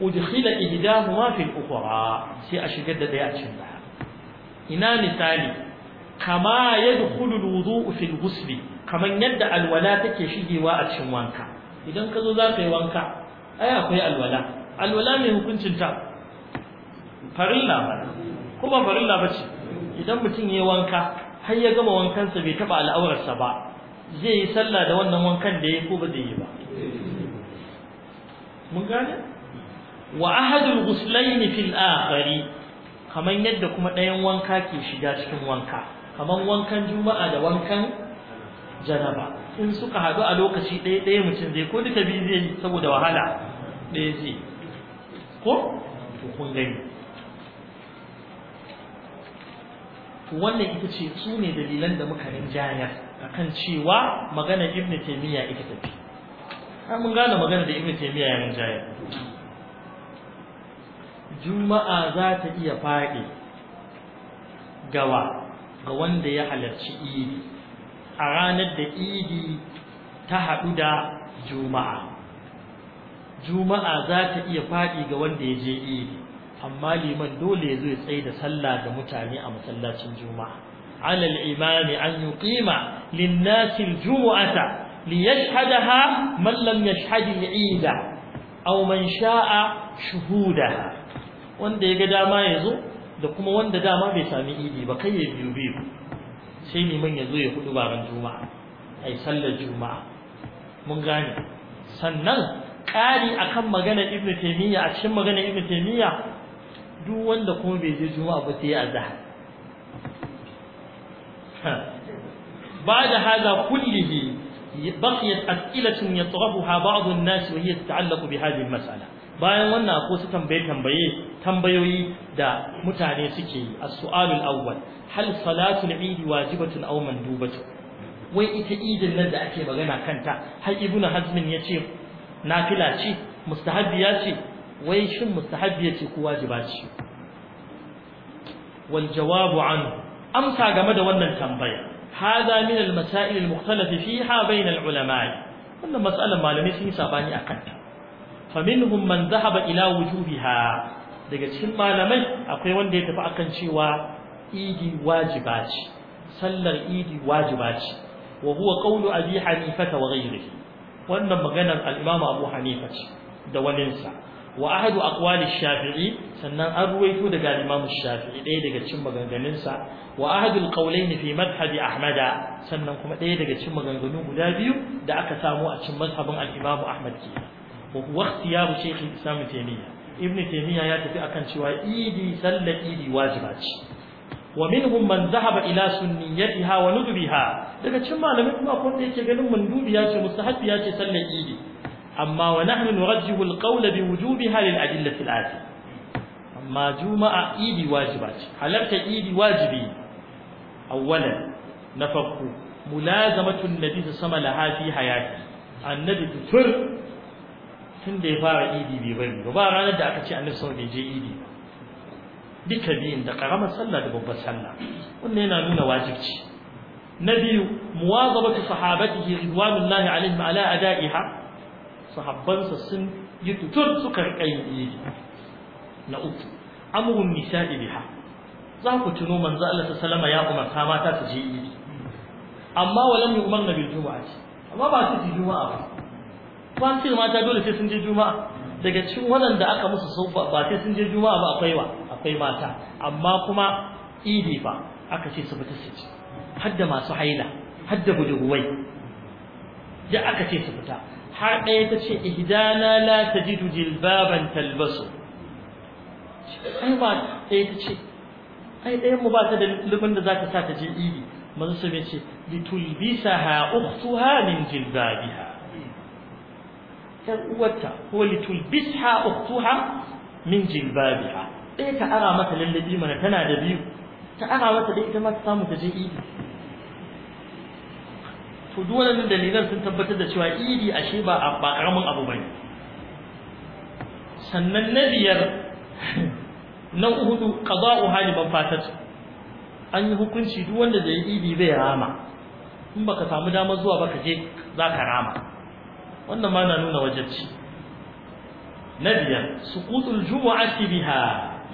udkhila ihdahuma fil ukhra sai a shigar da ɗaya a cikin ɗaya ina misali kama yadkhulu alwudu'u fil ghusl kaman yadda alwala take shigewa a cikin wanka idan ka zo za ka yi wanka ai akwai alwala alwala mai hukuncin ta farilla ba kuma farilla ba ce, idan mutum ya yi wanka har ya gama wankansa bai taɓa al'aurarsa ba zai yi sallah da wannan wankan da ya ko ba zai yi ba mun gane wa ahadul ghuslayn fil akhari kaman yadda kuma ɗayan wanka ke shiga cikin wanka kamar wankan juma'a da wankan janaba in suka haɗu a lokaci ɗaya ɗaya mutum zai ko duka biyu zai saboda wahala ɗaya zai ko ko kun gani wannan ita ce su ne dalilan da muka a kan cewa magana ibn taymiya ita tafi har mun gane magana da ibn taymiya ya rinjaya juma'a za ta iya faɗi gawa ga wanda ya halarci idi a ranar da idi ta haɗu da juma'a juma'a za ta iya faɗi ga wanda ya je idi amma liman dole ya zo ya tsaye da sallah da mutane a masallacin juma'a ala al-imam an yuqima lin-nas al-jum'ata liyashhadaha man lam yashhad al-eid aw man sha'a shuhudaha wanda yaga dama ya zo da kuma wanda dama bai sami idi ba kai ya biyu biyu sai liman ya zo ya hudu baran juma'a ai sallar juma'a mun gane sannan ƙari akan magana ibnu taymiya a cikin magana ibnu taymiya duk wanda kuma bai je juma'a ba sai ya zaha بعد هذا كله بقيت أسئلة يطرحها بعض الناس وهي bai بهذه matsala. bayan wannan akwai su tambaye tambaye tambayoyi da mutane suke yi as-su'alul awwal hal salatul eid wajibatun aw mandubatu wai ita idin nan da ake magana kanta har ibnu hazmin yace nafila ce mustahabbiya ce wai shin mustahabbiya ce ko wajiba ce wal jawabu anhu amsa game da wannan tambaya hada min al masail al mukhtalaf fiha bain al ulama wannan mas'alan malamai sun yi sabani akan ta faminhum man dhahaba ila wujubiha daga cikin malamai akwai wanda ya tafi akan cewa idi wajiba ce sallar idi wajiba ce wa huwa qawlu abi hanifa wa ghayrihi wannan maganar al-imam abu hanifa ce da waninsa wa ahadu aqwali shafi'i sannan an daga imam shafi'i ɗaya daga cikin sa wa ahadu alqawlain fi madhhab ahmad sannan kuma ɗaya daga cikin maganganun guda biyu da aka samu a cikin mazhabin al-imam ahmad ke wa ikhtiyar shaykh al-islam taymiya ibn taymiya ya tafi akan cewa idi sallar idi wajiba ce wa minhum man dhahaba ila sunniyatiha wa nudbiha daga cikin malamai kuma akwai da yake ganin mandubiya ce mustahabiya ce sallar idi أما ونحن نرجه القول بوجوبها للأدلة الآتية أما جمعة إيدي واجبات حلقة إيدي واجبي أولا نفق ملازمة النبي صلى الله عليه وسلم لها في حياته النبي تفر tun da ya fara idi bai bari ba ranar da aka ce annabi sau bai je idi duka biyun da karamar sallah da babbar sallah wannan yana nuna wajibci na biyu muwazabatu sahabatihi ridwanullahi alaihim ala adaiha sahabbansa sun yi tutur suka riƙa na uku amrun nisa'i biha za ku tuno manzo Allah ta salama ya umarta mata su je yi amma walam yu'marna a ce. amma ba su ji juma'a ba ba su mata dole sai sun je juma'a daga cikin waɗanda aka musu sau ba sai sun je juma'a ba akwai wa akwai mata amma kuma idi ba aka ce su fita su ci hadda masu haila hadda wai da aka ce su fita har ɗaya ta ce ihdana la tajidu jilbaban talbasu ai ba ɗaya ta ce ai ɗayan mu ba ta da lubin da za ta sa ta je idi manzo sai ce litulbisaha ukhtuha min jilbabiha kan uwarta ko litulbisha ukhtuha min jilbabiha ɗaya ta ara mata lallabi mana tana da biyu ta ara mata da ita ma ta samu ta je idi to duk waɗannan dalilan sun tabbatar da cewa idi ashe ba a ba karamin abu bane sannan na biyar [LAUGHS] na hudu qada'u ban fatat an yi hukunci duk wanda da idi zai rama in baka samu damar zuwa baka je zaka rama wannan ma na nuna wajabci na biyar suqutul jumu'ati biha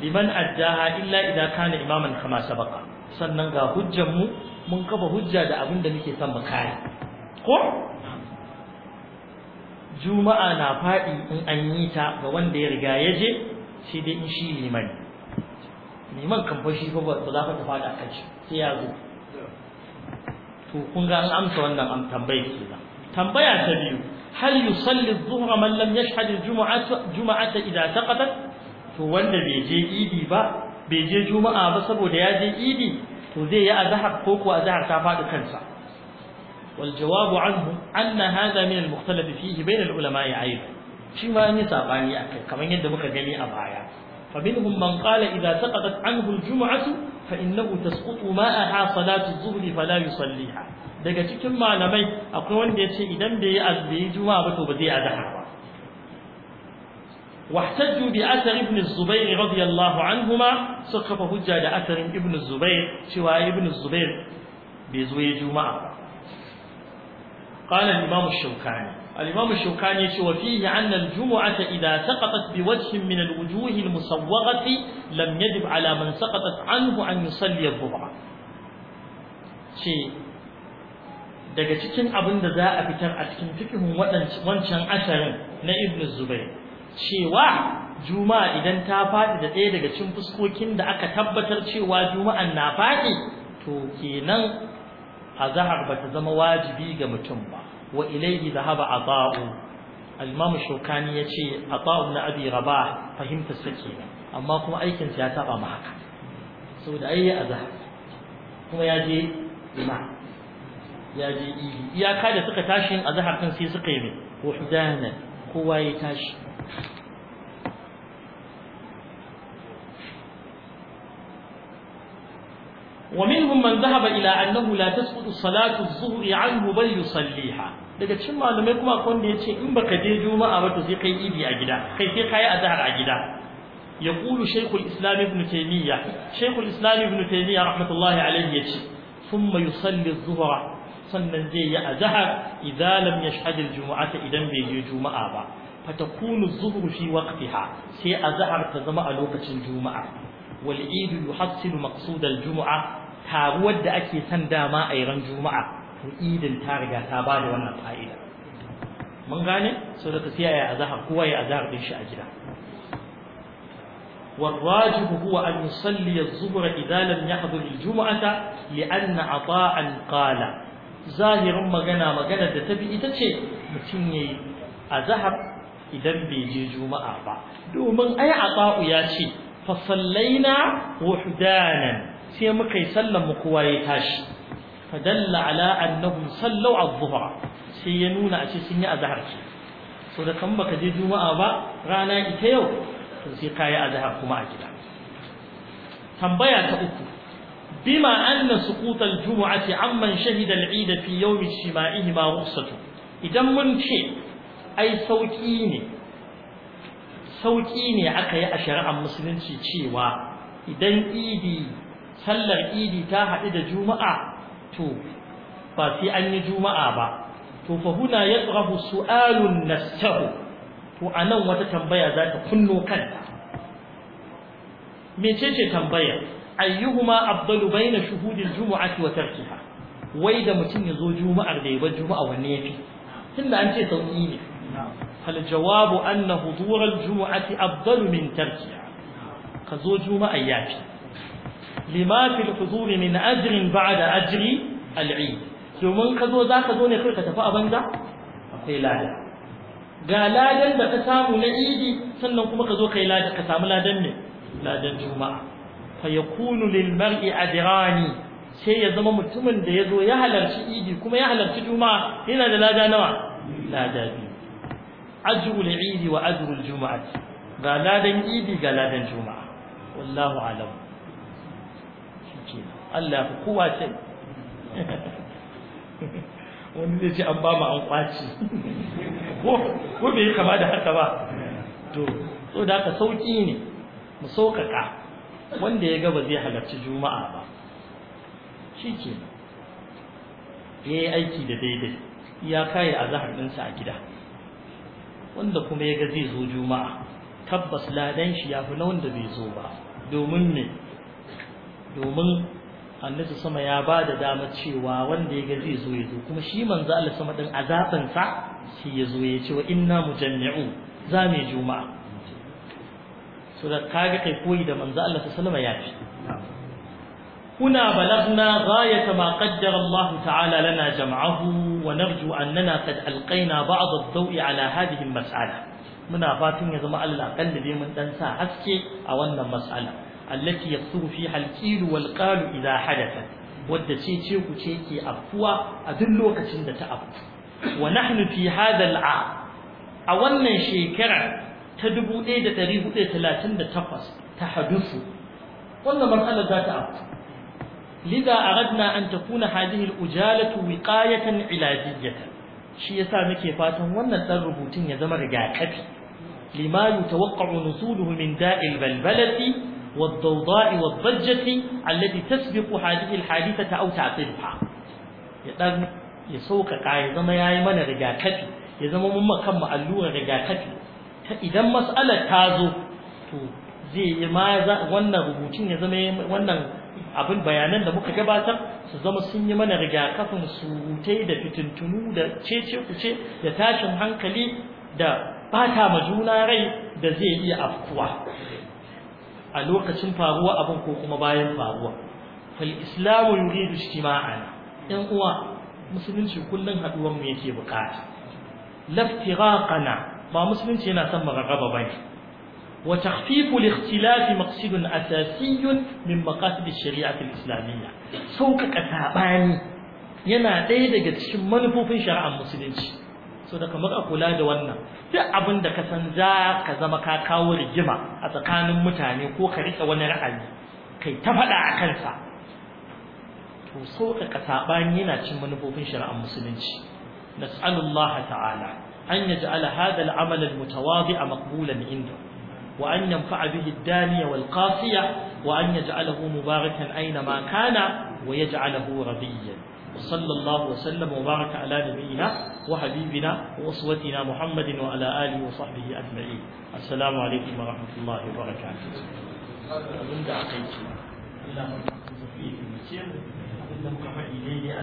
liman addaha illa idan kana imaman kama sabaqa sannan ga hujjan mu mun kafa hujja da abin da muke son mu kare ko juma'a na faɗi in an yi ta ga wanda ya riga ya je sai dai in shi liman liman kan fa shi fa ba za ka faɗi a shi, sai ya zo to kun ga an amsa wannan ki da tambaya ta biyu hal yusalli dhuhra man lam yashhad al-jum'ata jum'ata idha saqatat to wanda bai je idi ba bai je juma'a ba saboda ya je idi to zai yi azhar ko ko azhar ta faɗi kansa wal jawabu anhu anna hadha min al mukhtalaf fihi bain al ulama ayyib shi ma ne sabani akai kamar yadda muka gani a baya fa minhum man qala idza saqatat anhu al jum'atu fa innahu tasqutu ma'aha salatu adh-dhuhri fala yusalliha daga cikin malamai akwai wanda ya ce idan bai yi azbi juma'a ba to ba zai azhar ba واحتجوا بأثر ابن الزبير رضي الله عنهما سقف حجة لأثر ابن الزبير سوى ابن الزبير بزوي جمعة قال الإمام الشوكاني الإمام الشوكاني شو فيه أن الجمعة إذا سقطت بوجه من الوجوه المسوغة لم يجب على من سقطت عنه أن يصلي الظهر شيء ابن دزاء abin da za a fitar a cikin fikihun wancan asarin na ibn zubair cewa juma'a idan ta faɗi da ɗaya daga cikin fuskokin da aka tabbatar cewa juma'an na faɗi to kenan azhar bata zama wajibi ga mutum ba wa ilayhi dhahaba ata'u al-imam shawkani yace ata'u na abi rabah fahimta sake amma kuma aikin sa ya saba ma haka saboda ai azhar kuma ya je juma'a ya je idi iyaka da suka tashi azhar din sai suka yi ne wahdana kowa ya tashi ومنهم من ذهب إلى أنه لا تسقط صلاة الظهر عنه بل يصليها daga cikin malamai kuma akwai wanda yace in baka je juma'a ba to sai kai idi a gida kai sai kai zahar a gida ya shaykh al-islam ibn taymiyyah shaykh islam ibn taymiyyah rahmatullahi alayhi yace thumma yusalli adh-dhuhra sannan zai yi zahar idza lam yashhad al ta idan bai je juma'a ba fatakunu adh-dhuhru fi waqtiha sai a zahar ta zama a lokacin juma'a wal-eid yuhassilu maqsud al-jumu'ah taruwar da ake son dama a ran juma'a to idin ta riga ta ba da wannan fa'ida mun gane so da ka siya a zahar kowa ya azhar din shi a gida والراجح هو أن يصلي الظهر إذا لم يحضر الجمعة لأن عطاء قال ظاهر ce, mutum تبي إتشي متيني أزهر idan bai je juma'a ba domin ai ata'u ya ce fa sallaina sai muka yi sallar mu kowa ya tashi fadalla ala annahum sallau adh-dhuhra sai ya nuna a ce sun yi azhar ce so da kan baka je juma'a ba rana ita yau to sai kayi azhar kuma a gida tambaya ta uku bima anna suqut al-jum'ati amman shahida al-eid fi yawm ijtima'ihi ma ruksatu. idan mun ce ai sauki ne sauki ne aka yi a shari'ar musulunci cewa idan idi sallar idi ta haɗu da juma'a to ba sai an yi juma'a ba to fa huna yatrahu su'alun nafsahu to anan wata tambaya za ta kunno kanta mecece tambaya ayyuhuma abdalu baina shuhudin jumu'ati wa tarkiha wai da mutum ya zo juma'ar da ya bar juma'a wanne yafi tunda an ce sauki ne fal jawabu anna hudur al jumu'ati afdalu min tarkiha ka zo juma'a yafi lima fil huzuri min ajrin ba'da ajiri, al'i domin ka zo zaka zo ne kai ka tafi a banza akwai lada ga ladan da ka samu na idi sannan kuma ka zo kai ladan ka samu ladan ne ladan juma'a fa yakunu lil mar'i adrani sai ya zama mutumin da ya zo ya halarci idi kuma ya halarci juma'a yana da lada nawa lada biyu ajrul idi wa ajrul juma'ati ga ladan idi ga ladan juma'a wallahu a'lam Allah ku kowa ce wani zai ce an ba mu an kwaci ko ko bai yi kama da haka ba to so da haka sauki ne mu sauƙaƙa wanda ya ga zai halarci juma'a ba shi ke ya yi aiki da daidai ya kaya a zahar ɗinsa a gida wanda kuma ya ga zai zo juma'a tabbas ladan shi ya fi na wanda bai zo ba domin me domin annabi sama ya ba da dama cewa wanda ya ga zai zo ya zo kuma shi manzo Allah sama din azabin sa shi ya zo ya ce wa inna mujammi'u za mu juma'a so da kaga kai koyi da manzo Allah sallama ya fi kuna balagna ghayata ma qaddara Allah ta'ala lana jam'ahu wa narju annana qad alqaina ba'd ad-daw'i ala hadhihi al-mas'ala muna fatan ya zama Allah kallabe mun dan sa haske a wannan mas'ala allati yaqsu fiha al-qil wal qalu idha hadatha wadda ce ce ce ke afkuwa a duk lokacin da ta afku wa nahnu fi hadha a wannan shekarar ta 1438 ta hadufu wannan marhala za ta afku لذا أردنا أن تكون هذه الأجالة وقاية علاجية شيء يسامي كيفاتهم وأن الربوتين يزمر جاكتي لما يتوقع نصوله من داء البلبلة والضوضاء والضجة التي تسبق هذه الحادثة أو ta يدان يسوق قاعدة زما ياي من رجاكتي ya zama mun makan mu allurar rigakafi idan mas'alar ta zo to zai yi ma wannan rubutun ya zama wannan abin bayanan da muka gabatar su zama sun yi mana rigakafin surutai da fitintunu da cece kuce da tashin hankali da bata ma juna rai da zai iya afkuwa a lokacin faruwa abin ko kuma bayan faruwa fal islamu yuridu ijtima'an yan uwa musulunci kullun haduwan mu yake bukata laftiraqana ba musulunci yana son magaraba bane wa takhfifu al-ikhtilaf maqsidun asasiyyun min maqasid ash-shari'ah al-islamiyyah sauka sabani yana ɗaya daga cikin manufofin shari'ar musulunci so da kamar a kula da wannan duk abin da ka san za ka zama ka kawo rigima a tsakanin mutane ko ka rika wani ra'ayi kai ta faɗa a kansa to sauƙaƙa saɓani yana cin manufofin shari'ar musulunci nas'alullah ta'ala an yaj'ala hadha al-amal al makbulan maqbulan inda wa an yanfa'a bihi daniya wal qasiya wa an yaj'alahu mubarakan aina ma kana wa hu rabiyyan وصلى الله وسلم وبارك على نبينا وحبيبنا وأسوتنا محمد وعلى آله وصحبه أجمعين السلام عليكم ورحمة الله وبركاته abin da aka yi ce ina mafi zafi da mace abin da muka faɗi daidai